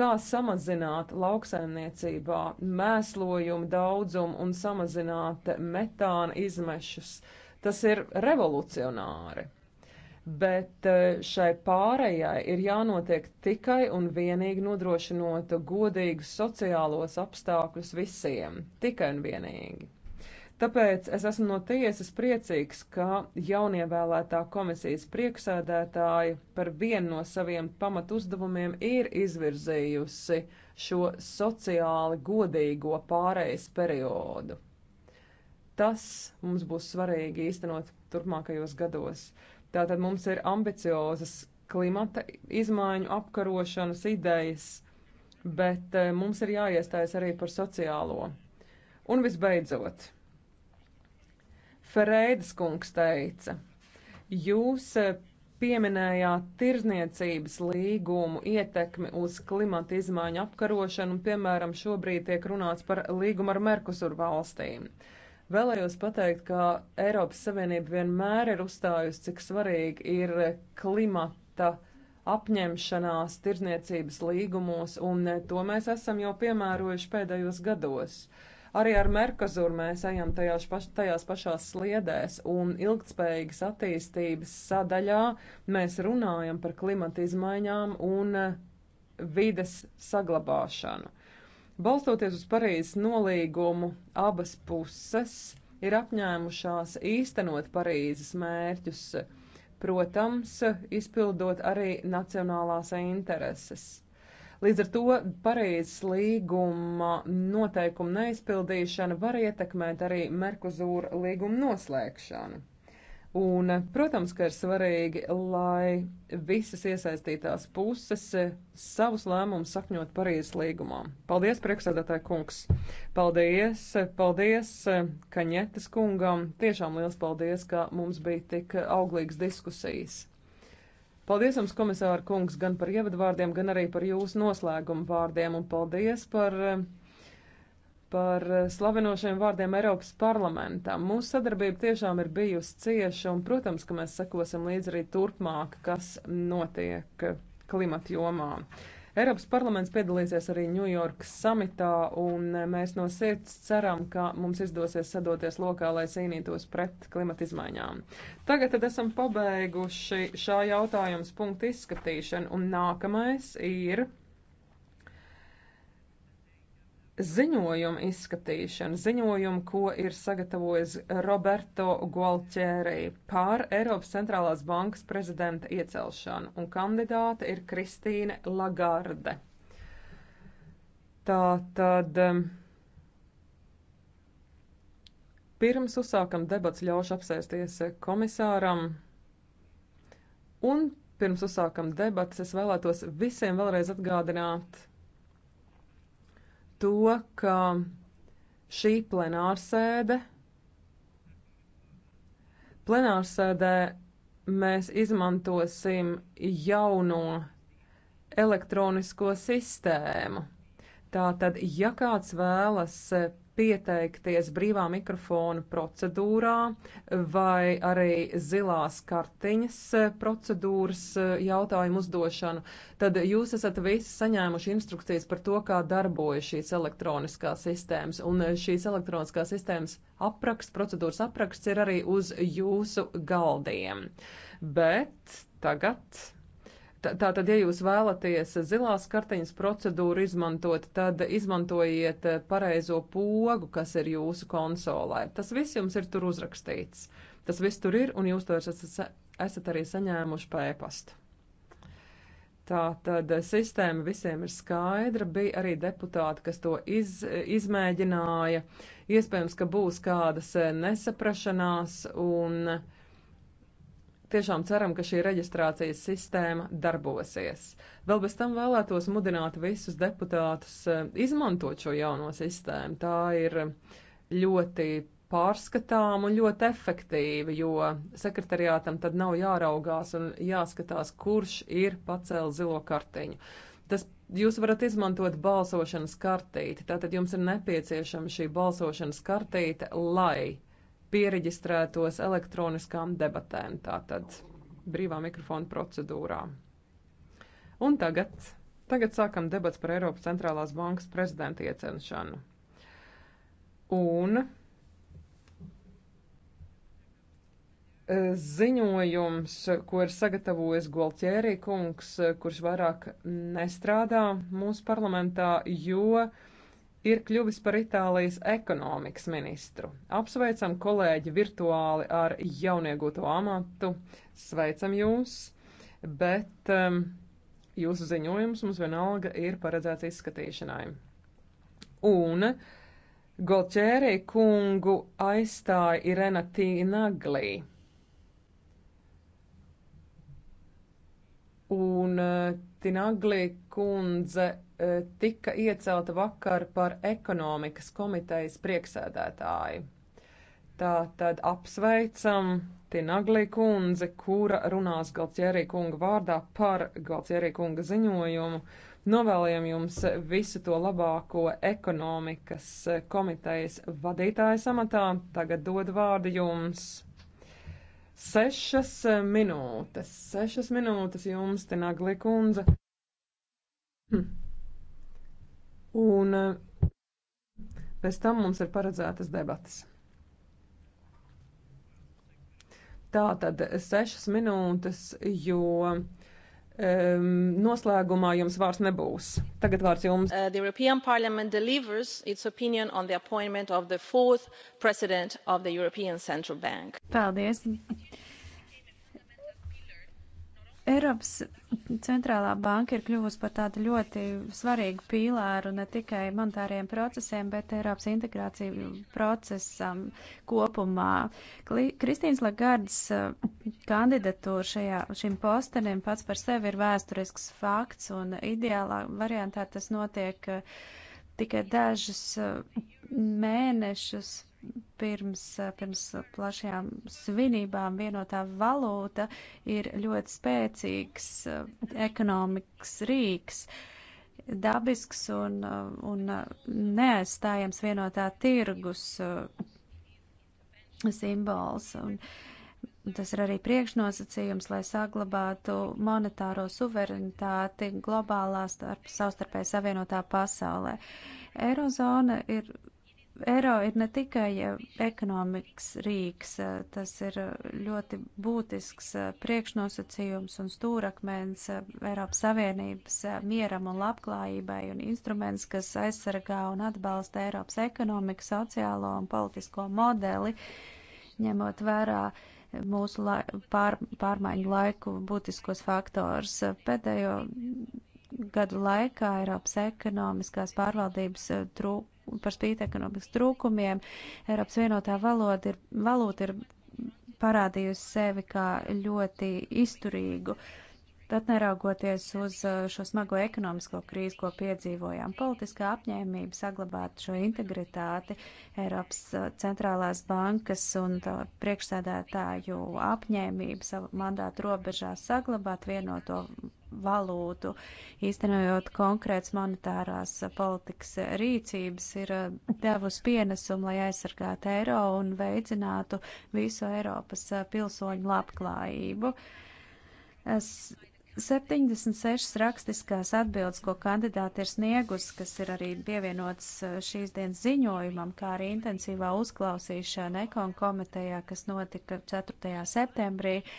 Kā samazināt lauksaimniecībā mēslojumu daudzumu un samazināt metāna izmešus? Tas ir revolucionāri. Bet e, šai pārējai ir jānotiek tikai un vienīgi nodrošinot godīgus sociālos apstākļus visiem. Tikai un vienīgi. Tāpēc es esmu no tiesas priecīgs, ka jaunievēlētā komisijas priekšsēdētāja par vienu no saviem pamatuzdevumiem ir izvirzījusi šo sociāli godīgo pārejas periodu. Tas mums būs svarīgi īstenot turpmākajos gados. Tātad mums ir ambiciozas klimata izmaiņu apkarošanas idejas, bet eh, mums ir jāiestājas arī par sociālo. Un visbeidzot, Ferēdas kungs teica. Jūs eh, pieminējāt tirzniecības līgumu ietekmi uz klimata izmaiņu apkarošanu, un, piemēram, šobrīd tiek runāts par līgumu ar Merkusur valstīm. Vēlējos pateikt, ka Eiropas Savienība vienmēr ir uzstājusi, cik svarīgi ir klimata apņemšanās tirzniecības līgumos, un eh, to mēs esam jau piemērojuši pēdējos gados. Uh, Arī ar Merkazur mēs ejam tajās, paš, tajās pašās sliedēs, un ilgtspējīgas attīstības sadaļā mēs runājam par klimata izmaiņām un eh, vides saglabāšanu. Balstoties uz Parīzes nolīgumu, abas puses ir apņēmušās īstenot Parīzes mērķus, protams, izpildot arī nacionālās intereses. Līdz ar to Parīzes līguma noteikumu neizpildīšana var ietekmēt arī Merkuzūra līguma noslēgšanu. Un, protams, ka ir svarīgi, lai visas iesaistītās puses savus lēmumus sakņot Parīzes līgumā. Paldies, priekšsēdētāji kungs! Paldies, paldies Kaņetes kungam! Tiešām liels paldies, ka mums bija tik auglīgas diskusijas! Paldies jums, komisāra kungs, gan par ievadvārdiem, gan arī par jūsu noslēgumu vārdiem, un paldies par, par slavinošiem vārdiem Eiropas parlamentā. Mūsu sadarbība tiešām ir bijusi cieša, un, protams, ka mēs sekosim līdz arī turpmāk, kas notiek klimata jomā. Eiropas parlaments piedalīsies arī Ņujorkas samitā, un mēs no sirds ceram, ka mums izdosies sadoties lokā, lai cīnītos pret klimata izmaiņām. Tagad tad esam pabeiguši šā jautājums punktu izskatīšanu, un nākamais ir ziņojuma izskatīšana, ziņojuma, ko ir sagatavojis Roberto Gualtieri par Eiropas centrālās bankas prezidenta iecelšanu, un kandidāte ir Kristīne Lagarde. Tā tad. Um, pirms uzsākam debats ļaušu apsēsties komisāram, un pirms uzsākam debatas es vēlētos visiem vēlreiz atgādināt to, ka šī plenārsēde, plenārsēdē mēs izmantosim jauno elektronisko sistēmu. Tātad, ja kāds vēlas pieteikties brīvā mikrofona procedūrā vai arī zilās kartiņas procedūras eh, jautājumu uzdošanu, tad jūs esat visi saņēmuši instrukcijas par to, kā darbojas šīs elektroniskās sistēmas. Un eh, šīs elektroniskās sistēmas apraksts, procedūras apraksts ir arī uz jūsu galdiem. Bet tagad Tātad, ja jūs vēlaties zilās kartiņas procedūru izmantot, tad izmantojiet eh, pareizo pogu, kas ir jūsu konsolē. Tas viss jums ir tur uzrakstīts. Tas viss tur ir, un jūs to esat arī saņēmuši pēpastu. Tā tad eh, sistēma visiem ir skaidra. Bija arī deputāti, kas to iz, izmēģināja. Iespējams, ka būs kādas eh, nesaprašanās un uh, Tiešām ceram, ka šī reģistrācijas sistēma darbosies. Vēl bez tam vēlētos mudināt visus deputātus eh, izmantot šo jauno sistēmu. Tā ir ļoti pārskatām un ļoti efektīva, jo sekretariātam tad nav jāraugās un jāskatās, kurš ir pacēlis zilo kartiņu. Tas jūs varat izmantot balsošanas kartīti, tātad jums ir nepieciešama šī balsošanas kartīte, lai piereģistrētos elektroniskām debatēm, tātad brīvā mikrofona procedūrā. Un tagad, tagad sākam debats par Eiropas centrālās bankas prezidenta iecelšanu. Un e, ziņojums, ko ir sagatavojis Golķērī kungs, e, kurš vairāk nestrādā mūsu parlamentā, jo ir kļuvis par Itālijas ekonomikas ministru. Apsveicam kolēģi virtuāli ar jauniegūto amatu, sveicam jūs, bet um, jūsu ziņojums mums vienalga ir paredzēts izskatīšanai. Un Golčērī kungu aizstāja Irena Tīnaglī. un eh, Tinaglī kundze eh, tika iecelta vakar par ekonomikas komitejas prieksēdētāju. Tā tad apsveicam Tinaglī kundze, kura runās Galtjerī kunga vārdā par Galtjerī kunga ziņojumu. Novēlējam jums visu to labāko ekonomikas eh, komitejas vadītāja samatā. Tagad dod vārdu jums. Sešas eh, minūtes, sešas minūtes jums, Tenagli kundze. Hm. Un pēc eh, tam mums ir paredzētas debatas. Tā tad sešas minūtes, jo Um, noslēgumā jums vārds nebūs. Tagad vārds jums. Uh, the European Parliament delivers its opinion on the appointment of the fourth president of the European Central Bank. Paldies. Eiropas centrālā banka ir kļuvusi par tādu ļoti svarīgu pīlāru ne tikai monetāriem procesiem, bet Eiropas integrāciju procesam kopumā. Kristīns Lagardas eh, kandidatūra šajā, šim postenim pats par sevi ir vēsturisks fakts un ideālā variantā tas notiek eh, tikai dažus eh, mēnešus pirms, eh, pirms plašajām svinībām vienotā valūta ir ļoti spēcīgs eh, ekonomikas rīks, dabisks un, eh, un neaizstājams vienotā tirgus simbols. Un, Tas ir arī priekšnosacījums, lai saglabātu monetāro suverenitāti globālā starp, savstarpēji savienotā pasaulē. Eirozona ir Eiro ir ne tikai eh, ekonomikas rīks, eh, tas ir eh, ļoti būtisks priekšnosacījums un stūrakmens Eiropas Savienības mieram un labklājībai un instruments, kas aizsargā un atbalsta Eiropas ekonomiku, sociālo un politisko modeli, ņemot vērā mūsu lai, pār, pārmaiņu laiku būtiskos faktors. Pēdējo gadu laikā Eiropas ekonomiskās pārvaldības eh, trūk, par spīti ekonomikas trūkumiem, Eiropas vienotā valoda ir, valūta ir parādījusi sevi kā ļoti izturīgu uh, Tad neraugoties uz uh, šo smago ekonomisko krīzi, ko piedzīvojām, politiskā apņēmība saglabāt šo integritāti, Eiropas uh, centrālās bankas un uh, priekšsēdētāju apņēmība savu mandātu robežās saglabāt vienoto valūtu, īstenojot konkrēts monetārās politikas rīcības, ir devusi pienesumu, lai aizsargātu eiro un veicinātu visu Eiropas pilsoņu labklājību. Es 76 rakstiskās atbildes, ko kandidāti ir sniegusi, kas ir arī pievienots eh, šīs dienas ziņojumam, kā arī intensīvā uzklausīšana ekon komitejā, kas notika 4. septembrī, uh,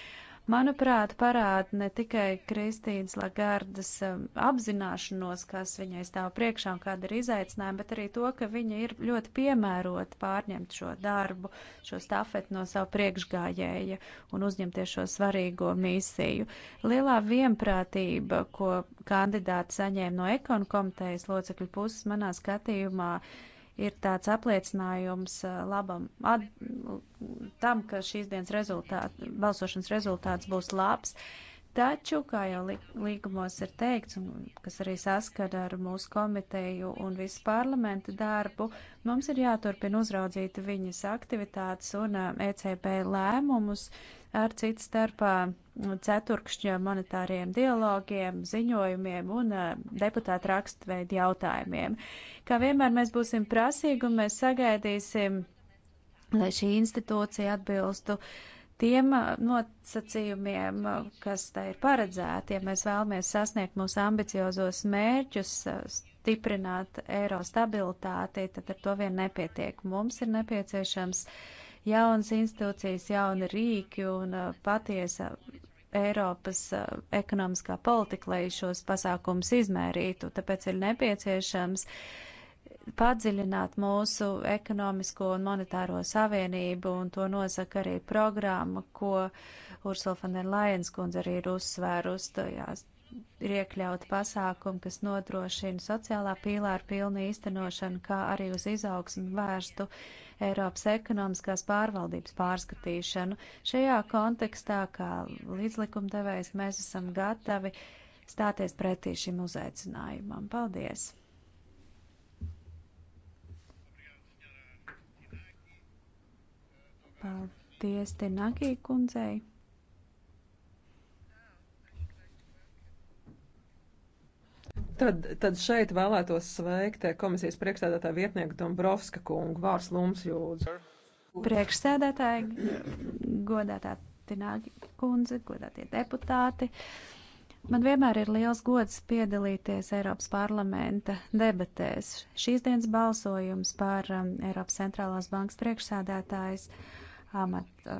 manuprāt, parāda ne tikai Kristīnas Lagardas um, apzināšanos, kas viņai stāv priekšā un kāda ir izaicinājuma, bet arī to, ka viņa ir ļoti piemērota pārņemt šo darbu, šo stafeti no savu priekšgājēja un uzņemties šo svarīgo misiju. Lielā vienprātība, ko kandidāti saņēma no ekonu komitejas locekļu puses, manā skatījumā, uh, ir tāds apliecinājums uh, labam, ad, tam, ka šīs dienas rezultāt, balsošanas rezultāts būs labs. Uh, Taču, kā jau līgumos ir teikts, un kas arī saskara ar mūsu komiteju un visu parlamentu darbu, mums ir jāturpina uzraudzīt viņas aktivitātes un ECB lēmumus ar citu starpā ceturkšņa monetāriem dialogiem, ziņojumiem un deputāta rakstveidu jautājumiem. Kā vienmēr mēs būsim prasīgi un mēs sagaidīsim, lai šī institūcija atbilstu uh, tiem uh, nosacījumiem, uh, kas tā ir paredzēti, ja mēs vēlamies sasniegt mūsu ambiciozos mērķus, uh, stiprināt eiro stabilitāti, tad ar to vien nepietiek. Mums ir nepieciešams jaunas institūcijas, jauni rīki un patiesa Eiropas ekonomiskā politika, lai šos pasākumus izmērītu. Tāpēc ir nepieciešams uh, padziļināt mūsu ekonomisko un monetāro savienību, un to nosaka arī programma, ko Ursula von der Leyen's kundze arī ir uzsvērusi. Tajās ir iekļauti pasākumi, kas nodrošina sociālā pīlāra pilnu īstenošanu, kā arī uz izaugsmu vērstu Eiropas ekonomiskās pārvaldības pārskatīšanu. Šajā kontekstā, kā līdzlikumdevējs, mēs esam gatavi stāties pretī šim uzaicinājumam. Paldies! Paldies Tenakī kundzei. Tad, tad šeit vēlētos sveikt komisijas priekšstādātāju vietnieku Dombrovska kungu. Vārds lums jūdzu. Priekšsēdētāji, godātā Tināgi kundze, godātie deputāti. Man vienmēr ir liels gods piedalīties Eiropas parlamenta debatēs. Šīs dienas balsojums par um, Eiropas centrālās bankas priekšsēdētājs. Uh, amata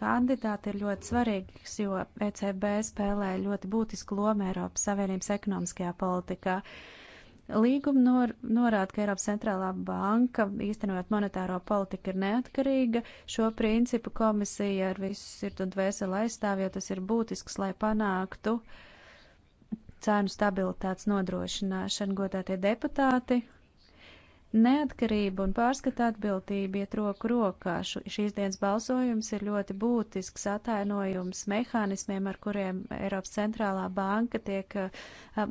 kandidāti ir ļoti svarīgs, jo ECB spēlē ļoti būtisku lomu Eiropas Savienības ekonomiskajā politikā. Līguma nor, norāda, ka Eiropas centrālā banka, īstenojot monetāro politiku, ir neatkarīga. Šo principu komisija ar visu sirdu un dvēseli aizstāv, jo tas ir būtisks, lai panāktu cēnu stabilitātes nodrošināšanu. Godātie deputāti, Neatkarība un pārskata atbildība iet roku rokā. Šīs dienas balsojums ir ļoti būtisks atainojums mehānismiem, ar kuriem Eiropas centrālā banka tiek eh,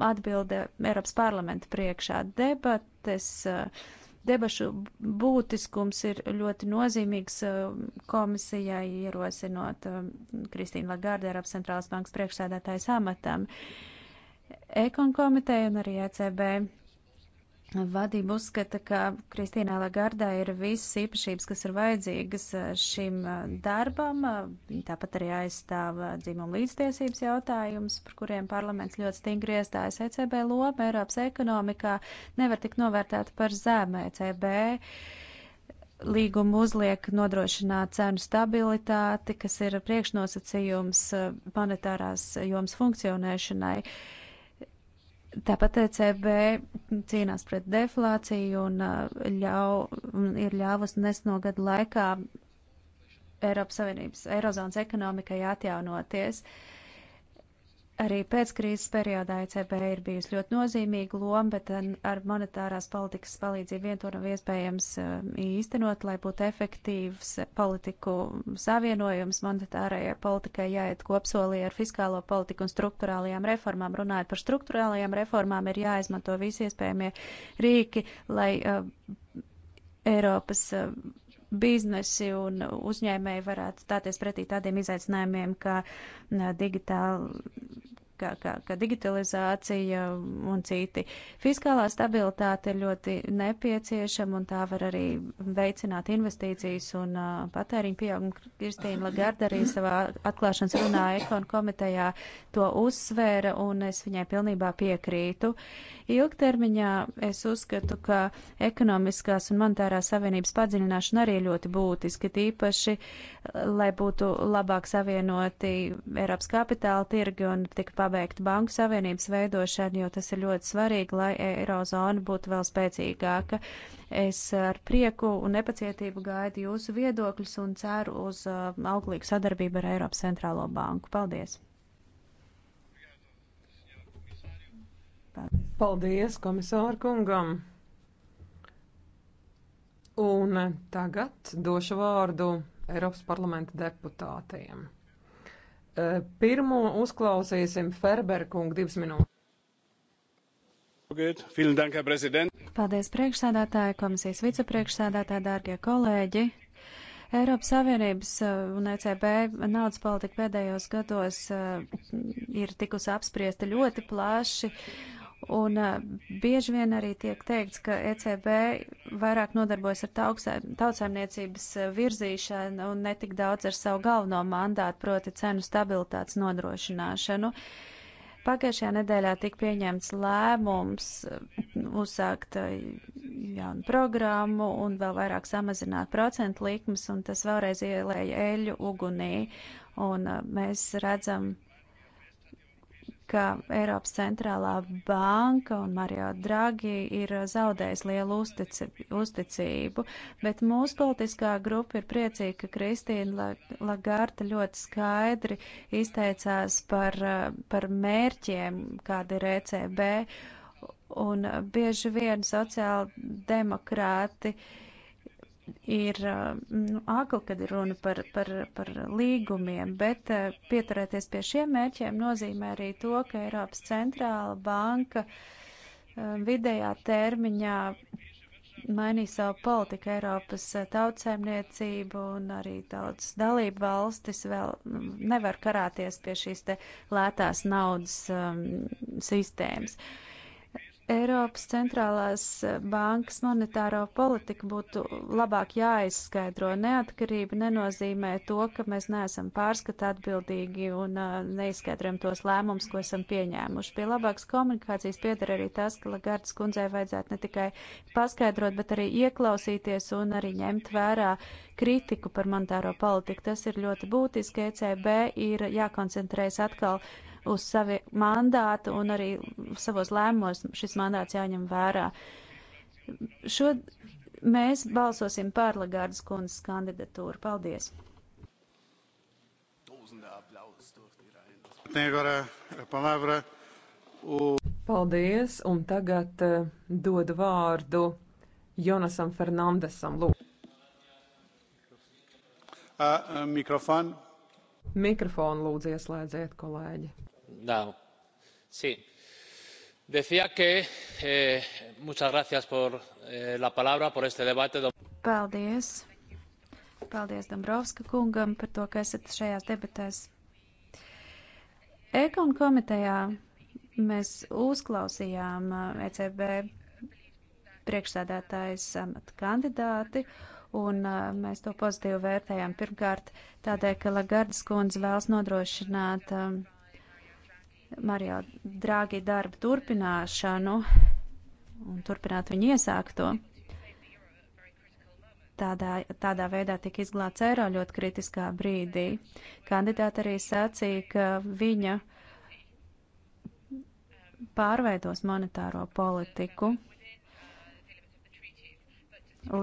atbilde Eiropas parlamenta priekšā. Debates, eh, debašu būtiskums ir ļoti nozīmīgs eh, komisijai ierosinot Kristīnu Lagarde Eiropas centrālās bankas priekšsēdētājas amatam. Ekon komiteja un arī ECB Vadība uzskata, ka Kristīnā Lagardā ir visas īpašības, kas ir vajadzīgas eh, šim eh, darbam. Eh, tāpat arī aizstāv dzimuma līdztiesības jautājums, par kuriem parlaments ļoti stingri iestājas. ECB loma Eiropas ekonomikā nevar tik novērtēta par zemu. ECB līguma uzliek nodrošināt cenu stabilitāti, kas ir priekšnosacījums monetārās jomas funkcionēšanai. Uh, Tāpat ECB cīnās pret deflāciju un uh, ļau, ir ļāvusi nesnogadu laikā Eiropas Savienības, Eirozonas ekonomikai atjaunoties. Uh, Arī pēckrīzes periodā ECB ir bijusi ļoti nozīmīga loma, bet ar monetārās politikas palīdzību vien to nav iespējams e, īstenot, lai būtu efektīvs politiku savienojums. Monetārajai politikai jāiet kopsolī ar fiskālo politiku un struktūrālajām reformām. Runājot par struktūrālajām reformām, ir jāizmanto visi iespējamie rīki, lai uh, Eiropas uh, biznesi un uzņēmēji varētu stāties pretī tādiem izaicinājumiem, kā digitāla kā, kā, kā digitalizācija un citi. Fiskālā stabilitāte ir ļoti nepieciešama un tā var arī veicināt investīcijas un uh, patēriņu pieaugumu. Kristīna Lagarda arī savā atklāšanas runā ekonu komitejā to uzsvēra un es viņai pilnībā piekrītu. Ilgtermiņā es uzskatu, ka ekonomiskās un monetārās savienības padziļināšana arī ļoti būtiski, tīpaši, lai būtu labāk savienoti Eiropas kapitāla tirgi un tik pabeigti paveikt banku savienības veidošanu, jo tas ir ļoti svarīgi, lai eirozona būtu vēl spēcīgāka. Es ar prieku un nepacietību gaidu jūsu viedokļus un ceru uz um, auglīgu sadarbību ar Eiropas centrālo banku. Paldies! Paldies, Paldies komisāra kungam! Un tagad došu vārdu Eiropas parlamenta deputātiem. Pirmo uzklausīsim Ferberkungu divas minūtes. Paldies priekšsēdētāji, komisijas vicepriekšsēdētāji, dārgie kolēģi. Eiropas Savienības uh, un ECB naudas politika pēdējos gados uh, ir tikusi apspriesta ļoti plaši, Un eh, bieži vien arī tiek teikts, ka ECB vairāk nodarbojas ar tautsēmniecības eh, virzīšanu un netik daudz ar savu galveno mandātu, proti cenu stabilitātes nodrošināšanu. Pagājušajā nedēļā tika pieņemts lēmums eh, uzsākt jaunu programmu un vēl vairāk samazināt procentu likmes, un tas vēlreiz ielēja eļu ugunī. Un mēs redzam, ka Eiropas centrālā banka un Mario Draghi ir zaudējis lielu uztici, uzticību, bet mūsu politiskā grupa ir priecīga, ka Kristīna Lagarta ļoti skaidri izteicās par, par mērķiem, kāda ir ECB, un bieži vien sociāla demokrāti uh, ir eh, nu, agli, kad ir runa par, par, par līgumiem, bet eh, pieturēties pie šiem mērķiem nozīmē arī to, ka Eiropas centrāla banka eh, vidējā termiņā mainīja savu politiku Eiropas tautsēmniecību un arī daudz dalību valstis vēl nevar karāties pie šīs te lētās naudas um, sistēmas. Uh, Eiropas centrālās eh, bankas monetāro politiku būtu labāk jāizskaidro. Neatkarība nenozīmē to, ka mēs neesam pārskata atbildīgi un uh, neizskaidrojam tos lēmumus, ko esam pieņēmuši. Pie labākas komunikācijas pieder arī tas, ka Lagardas kundzei vajadzētu ne tikai paskaidrot, bet arī ieklausīties un arī ņemt vērā kritiku par monetāro politiku. Tas ir ļoti būtiski. ECB ir jākoncentrējas atkal uz savu mandātu un arī savos lēmumos šis mandāts jāņem vērā. Šo mēs balsosim par Lagardas kundzes kandidatūru. Paldies! Paldies, un tagad eh, dodu vārdu Jonasam Fernandesam. Lūk. Mikrofonu. Mikrofonu lūdzu ieslēdziet, kolēģi. Eh, eh, Paldies! Paldies Dombrovska kungam par to, ka esat šajās debatēs. Ekon komitejā mēs uzklausījām ECB eh, e priekšsēdētājs amata kandidāti, un mēs to pozitīvi vērtējām. Pirmkārt, tādēļ, ka Lagardas kundze vēlas nodrošināt Marijā Drāgi darba turpināšanu un turpināt viņu iesākto. Tādā, tādā veidā tika izglāts eiro ļoti kritiskā brīdī. Kandidāti arī sacīja, ka viņa pārveidos monetāro politiku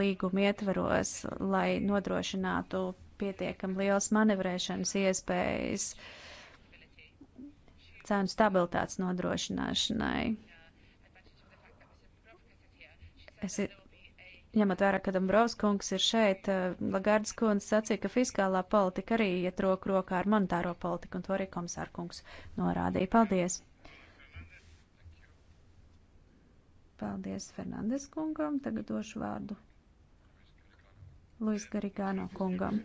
līguma ietvaros, lai nodrošinātu pietiekam liels manevrēšanas iespējas uh, cenu stabilitātes nodrošināšanai. Es ņemot vērā, ka Dombrovs kungs ir šeit, eh, Lagardas kundze sacīja, ka fiskālā politika arī iet roku rokā ar monetāro politiku, un to arī komisāra kungs norādīja. Paldies! Paldies Fernandes kungam. Tagad došu vārdu Luis Garigāno kungam.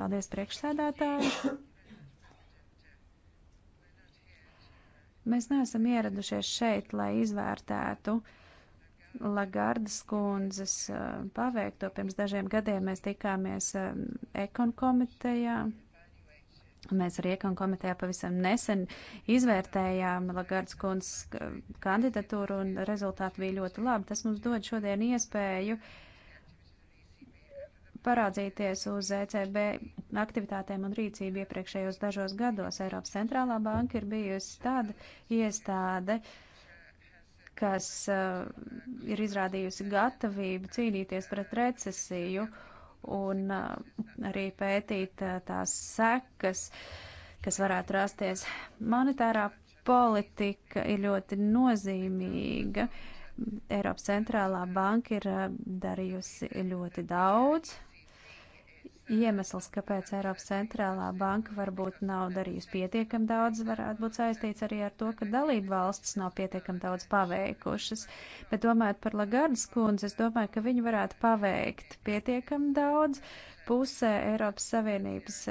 Paldies priekšsēdētāji! Mēs neesam ieradušies šeit, lai izvērtētu Lagardas kundzes uh, paveikto. Pirms dažiem gadiem mēs tikāmies um, ekon komitejā. Mēs arī ekon komitejā pavisam nesen izvērtējām Lagardas kundzes uh, kandidatūru un rezultāti bija ļoti labi. Tas mums dod šodien iespēju uh, parādzīties uz ECB aktivitātēm un rīcību iepriekšējos dažos gados. Eiropas centrālā banka ir bijusi tāda iestāde, kas uh, ir izrādījusi gatavību cīnīties pret recesiju un uh, arī pētīt uh, tās sekas, kas varētu rasties. Monetārā politika ir ļoti nozīmīga. Eiropas centrālā banka ir uh, darījusi ļoti daudz, Iemesls, kāpēc Eiropas centrālā banka varbūt nav darījusi pietiekam daudz, varētu būt saistīts arī ar to, ka dalību valstis nav pietiekam daudz paveikušas. Bet domājot par Lagardas kundzi, es domāju, ka viņi varētu paveikt pietiekam daudz. Pusē Eiropas Savienības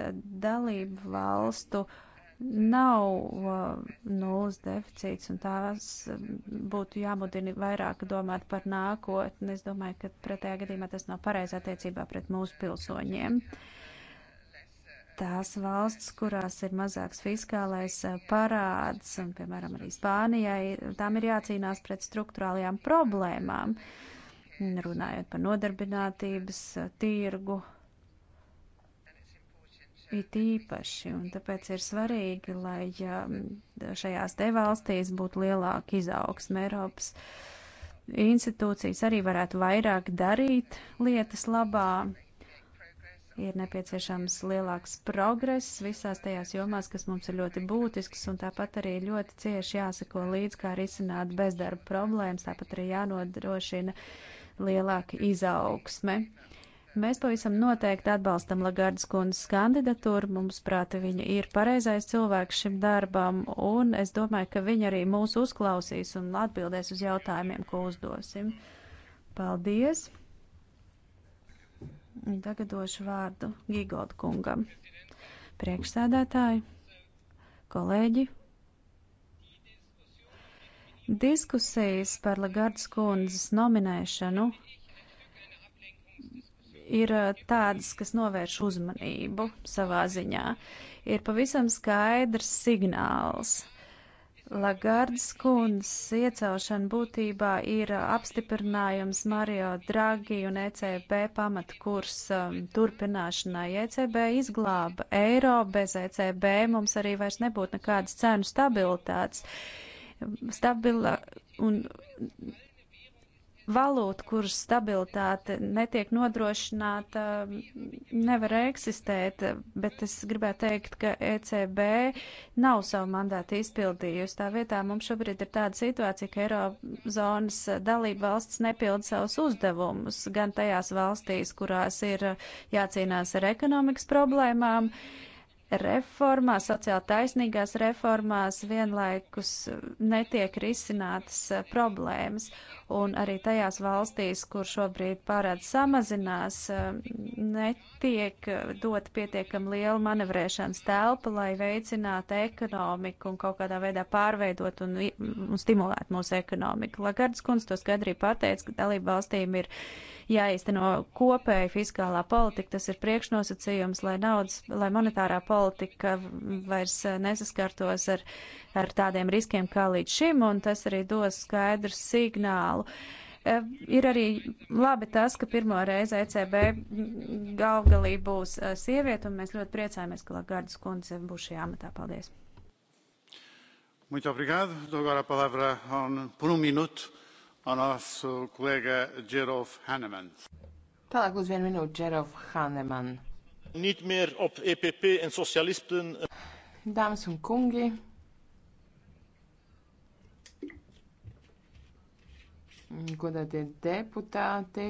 dalību valstu uh, nav uh, nulles deficīts, un tās um, būtu jāmudina vairāk domāt par nākotni. Es domāju, ka pretējā gadījumā tas nav pareizi attiecībā pret mūsu pilsoņiem. Tās valsts, kurās ir mazāks fiskālais uh, parāds, un, piemēram, arī Spānijai, tām ir jācīnās pret struktūrālajām problēmām, runājot par nodarbinātības uh, tirgu it īpaši, un tāpēc ir svarīgi, lai ja šajās te valstīs būtu lielāka izaugsme Eiropas. Institūcijas arī varētu vairāk darīt lietas labā. Ir nepieciešams lielāks progress visās tajās jomās, kas mums ir ļoti būtisks, un tāpat arī ļoti cieši jāsako līdz, kā risināt bezdarba problēmas, tāpat arī jānodrošina lielāka izaugsme. Uh, Mēs pavisam noteikti atbalstam Lagardas kundzes kandidatūru, mums prāta viņa ir pareizais cilvēks šim darbam, un es domāju, ka viņa arī mūs uzklausīs un atbildēs uz jautājumiem, ko uzdosim. Paldies! Tagad došu vārdu Gigold kungam. Priekšsēdētāji, kolēģi, diskusijas par Lagardas kundzes nominēšanu ir tādas, kas novērš uzmanību savā ziņā. Ir pavisam skaidrs signāls. Lagardas kundzes iecelšana būtībā ir apstiprinājums Mario Draghi un ECB pamatkursa turpināšanai. ECB izglāba eiro, bez ECB mums arī vairs nebūtu nekādas cenu stabilitātes. Stabila un valūta, kuras stabilitāte netiek nodrošināta, nevar eksistēt, bet es gribētu teikt, ka ECB nav savu mandātu izpildījusi. Tā vietā mums šobrīd ir tāda situācija, ka Eirozonas dalība valsts nepilda savus uzdevumus gan tajās valstīs, kurās ir jācīnās ar ekonomikas problēmām, reformās, sociāli taisnīgās reformās vienlaikus netiek risinātas problēmas un arī tajās valstīs, kur šobrīd pārāds samazinās, eh, netiek eh, dot pietiekam liela manevrēšanas telpa, lai veicinātu ekonomiku un kaut kādā veidā pārveidot un, un stimulēt mūsu ekonomiku. Lagardas kundze to skaidri pateica, ka dalību valstīm ir jāīsteno kopēja fiskālā politika. Tas ir priekšnosacījums, lai naudas, lai monetārā politika vairs eh, nesaskartos ar, ar tādiem riskiem kā līdz šim, un tas arī dos skaidru signālu. Eh, ir arī labi tas, ka pirmo reizi ECB galvgalī būs eh, sieviete, un mēs ļoti priecājamies, ka Lagardas kundze būs šajā amatā. Paldies! Muito obrigado. Dou agora a palavra um, por um minuto a našu kolēģi Džerov Haneman. Tālāk uz vienu minūti Džerov Haneman. Niet meer op EPP en socialisten. Eh. Dāmas un kungi, godātie deputāti.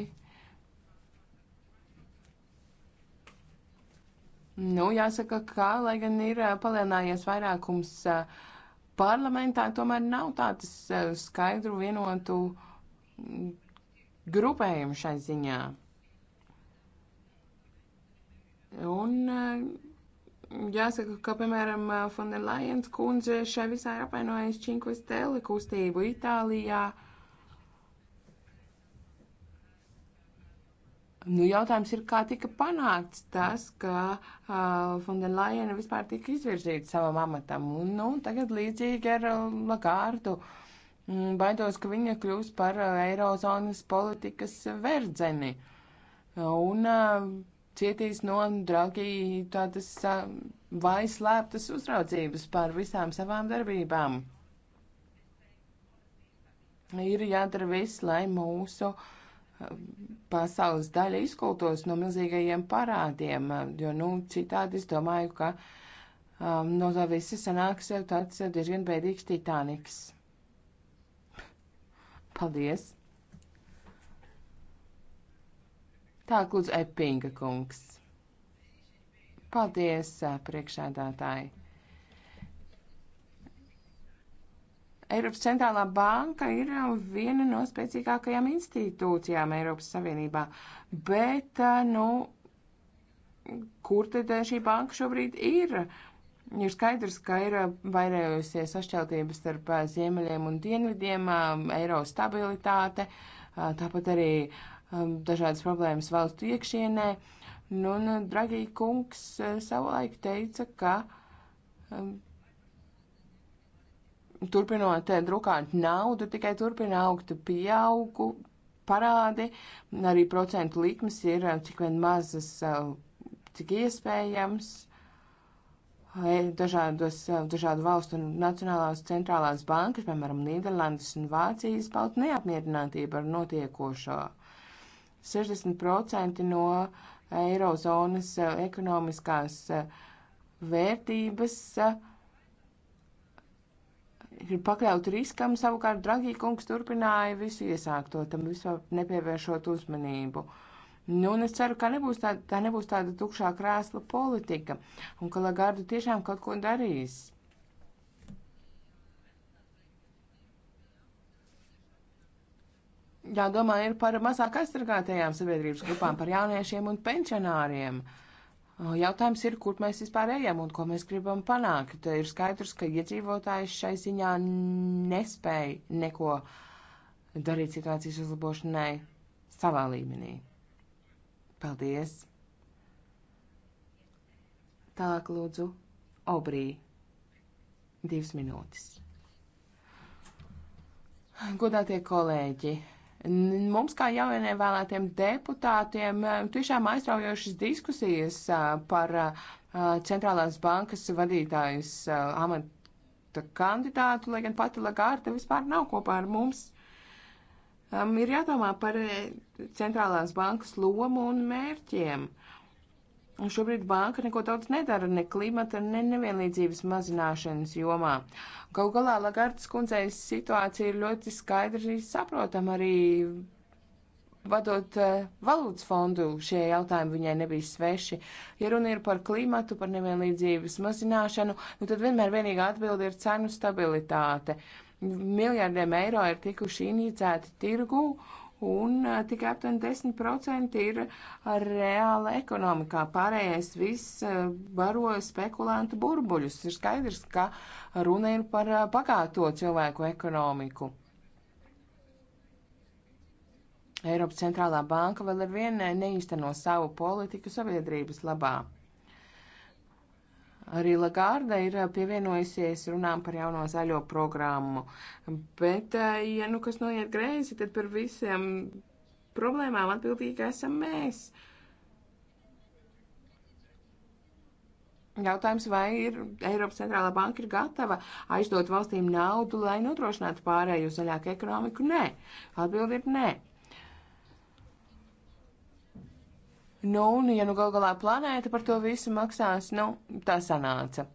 Nu, jāsaka, ka, lai gan ir eh, palielinājies vairākums uh, parlamentā tomēr nav tādas eh, skaidru vienotu grupējumu šai ziņā. Un eh, jāsaka, ka, piemēram, Fonderlajens eh, kundze šai visā ir apvainojusi Činkvistēli kustību Itālijā. Uh, Nu, jautājums ir, kā tika panākts tas, ka uh, Fondenlajena vispār tika izvirzīta savam amatam. Un, nu, tagad līdzīgi ar uh, Lakārtu. Mm, baidos, ka viņa kļūs par uh, Eirozonas politikas verdzeni. Un uh, cietīs no draugi tādas uh, vai slēptas uzraudzības pār visām savām darbībām. Ir jādara viss, lai mūsu uh, pasaules daļa izkultos no milzīgajiem parādiem, jo, nu, citādi es domāju, ka um, no tā visa sanāks jau tāds diezgan bēdīgs titāniks. Paldies! Tā klūdz Epinga kungs. Paldies, priekšādātāji! Eiropas centrālā banka ir viena no spēcīgākajām institūcijām Eiropas Savienībā, bet, eh, nu, kur tad eh, šī banka šobrīd ir? Ir skaidrs, ka ir eh, vairējusies sašķeltības starp ziemeļiem un dienvidiem, eiro stabilitāte, tāpat arī dažādas problēmas valstu iekšienē. Nu, un Dragī kungs savulaik teica, ka turpinot eh, drukāt naudu, tikai turpina augt pieaugu parādi, arī procentu likmes ir eh, cik vien mazas, eh, cik iespējams. Dažādos, dažādu valstu un nacionālās centrālās bankas, piemēram, Nīderlandes un Vācijas, pauta neapmierinātība ar notiekošo. 60% no eirozonas ekonomiskās vērtības uh, pakļaut riskam, savukārt Dragī kungs turpināja visu iesākto, tam visu nepievēršot uzmanību. Nu, un es ceru, ka nebūs tā, tā nebūs tāda tukšā krēsla politika, un ka Lagardu tiešām kaut ko darīs. Jādomā ir par mazāk aizsargātajām sabiedrības grupām, par jauniešiem un pensionāriem. Uh, Jautājums ir, kur mēs vispār ejam un ko mēs gribam panākt. Ir skaidrs, ka iedzīvotājs šai ziņā nespēja neko darīt situācijas uzlabošanai savā līmenī. Paldies! Tālāk lūdzu Obrī. Divas minūtes. Godātie kolēģi, Mums, kā jaunievēlētiem deputātiem, tiešām aizraujošas diskusijas par centrālās bankas vadītājas amata kandidātu, lai gan pati Lagarde vispār nav kopā ar mums. Ir jādomā par centrālās bankas lomu un mērķiem. Uh, Un šobrīd banka neko daudz nedara ne klimata, ne nevienlīdzības mazināšanas jomā. Gau galā Lagardas kundzei situācija ir ļoti skaidri saprotama arī vadot eh, valūtas fondu. Šie jautājumi viņai nebija sveši. Ja runa ir par klimatu, par nevienlīdzības mazināšanu, nu tad vienmēr vienīgā atbilde ir cenu stabilitāte. Miljardiem eiro ir tikuši inicēti tirgū un tikai aptuveni 10% ir reāla ekonomikā. Pārējais viss baro spekulantu burbuļus. Ir skaidrs, ka runa ir par pagāto cilvēku ekonomiku. Eiropas centrālā banka vēl ar vienu neīsteno savu politiku sabiedrības labā. Arī Lagārda ir eh, pievienojusies runām par jauno zaļo programmu. Bet, eh, ja nu kas noiet greizi, tad par visiem problēmām atbildīgi esam mēs. Jautājums, vai ir Eiropas centrālā banka ir gatava aizdot valstīm naudu, lai nodrošinātu pārēju zaļāku ekonomiku? Nē. Atbildi ir nē. Nu, un ja nu gal galā planēta par to visu maksās, nu, tā sanāca.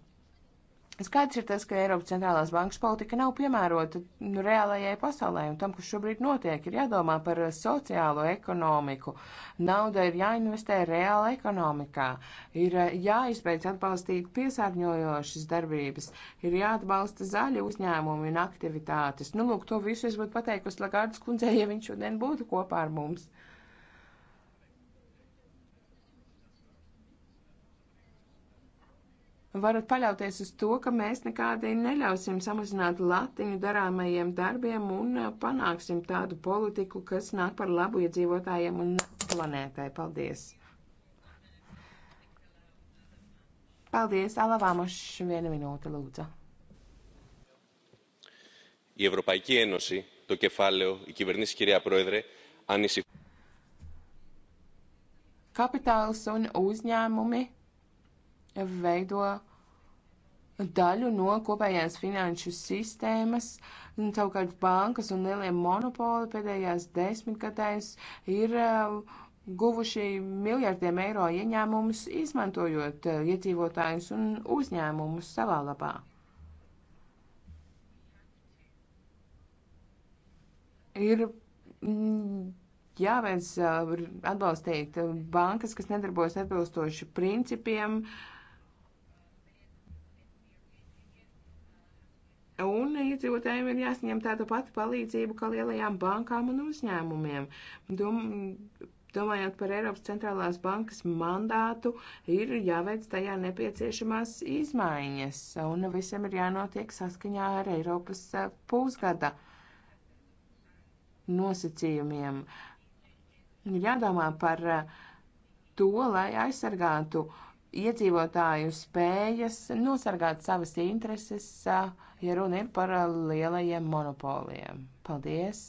Skaidrs ir tas, ka Eiropas centrālās bankas politika nav piemērota nu, reālajai pasaulē un tam, kas šobrīd notiek, ir jādomā par sociālo ekonomiku. Nauda ir jāinvestē reāla ekonomikā, ir eh, jāizbeidz atbalstīt piesārņojošas darbības, ir jāatbalsta zaļi uzņēmumi un aktivitātes. Nu, lūk, to visu es būtu pateikusi Lagardas kundzei, ja viņš šodien būtu kopā ar mums. varat paļauties uz to, ka mēs nekādi neļausim samazināt latiņu darāmajiem darbiem un uh, panāksim tādu politiku, kas nāk par labu iedzīvotājiem un planētai. Paldies! Paldies, Alavāmošs, viena minūte lūdzu. Η Ευρωπαϊκή Ένωση, το κεφάλαιο, οι κυβερνήσει, κυρία Πρόεδρε, ανησυχούν. Kapitāls un uzņēmumi veido daļu no kopējās finanšu sistēmas. Savukārt bankas un lielie monopoli pēdējās desmitgadēs ir uh, guvuši miljardiem eiro ieņēmumus, izmantojot uh, iedzīvotājus un uzņēmumus savā labā. Ir mm, jāveic uh, atbalstīt bankas, kas nedarbojas atbilstoši principiem, uh, Un iedzīvotājiem ir jāsņem tāda pati palīdzība kā lielajām bankām un uzņēmumiem. Dom, domājot par Eiropas centrālās bankas mandātu, ir jāveic tajā nepieciešamās izmaiņas, un visam ir jānotiek saskaņā ar Eiropas eh, pusgada nosacījumiem. Ir jādomā par eh, to, lai aizsargātu uh, iedzīvotāju spējas nosargāt savas intereses, eh, ja runa ir par eh, lielajiem monopoliem. Paldies!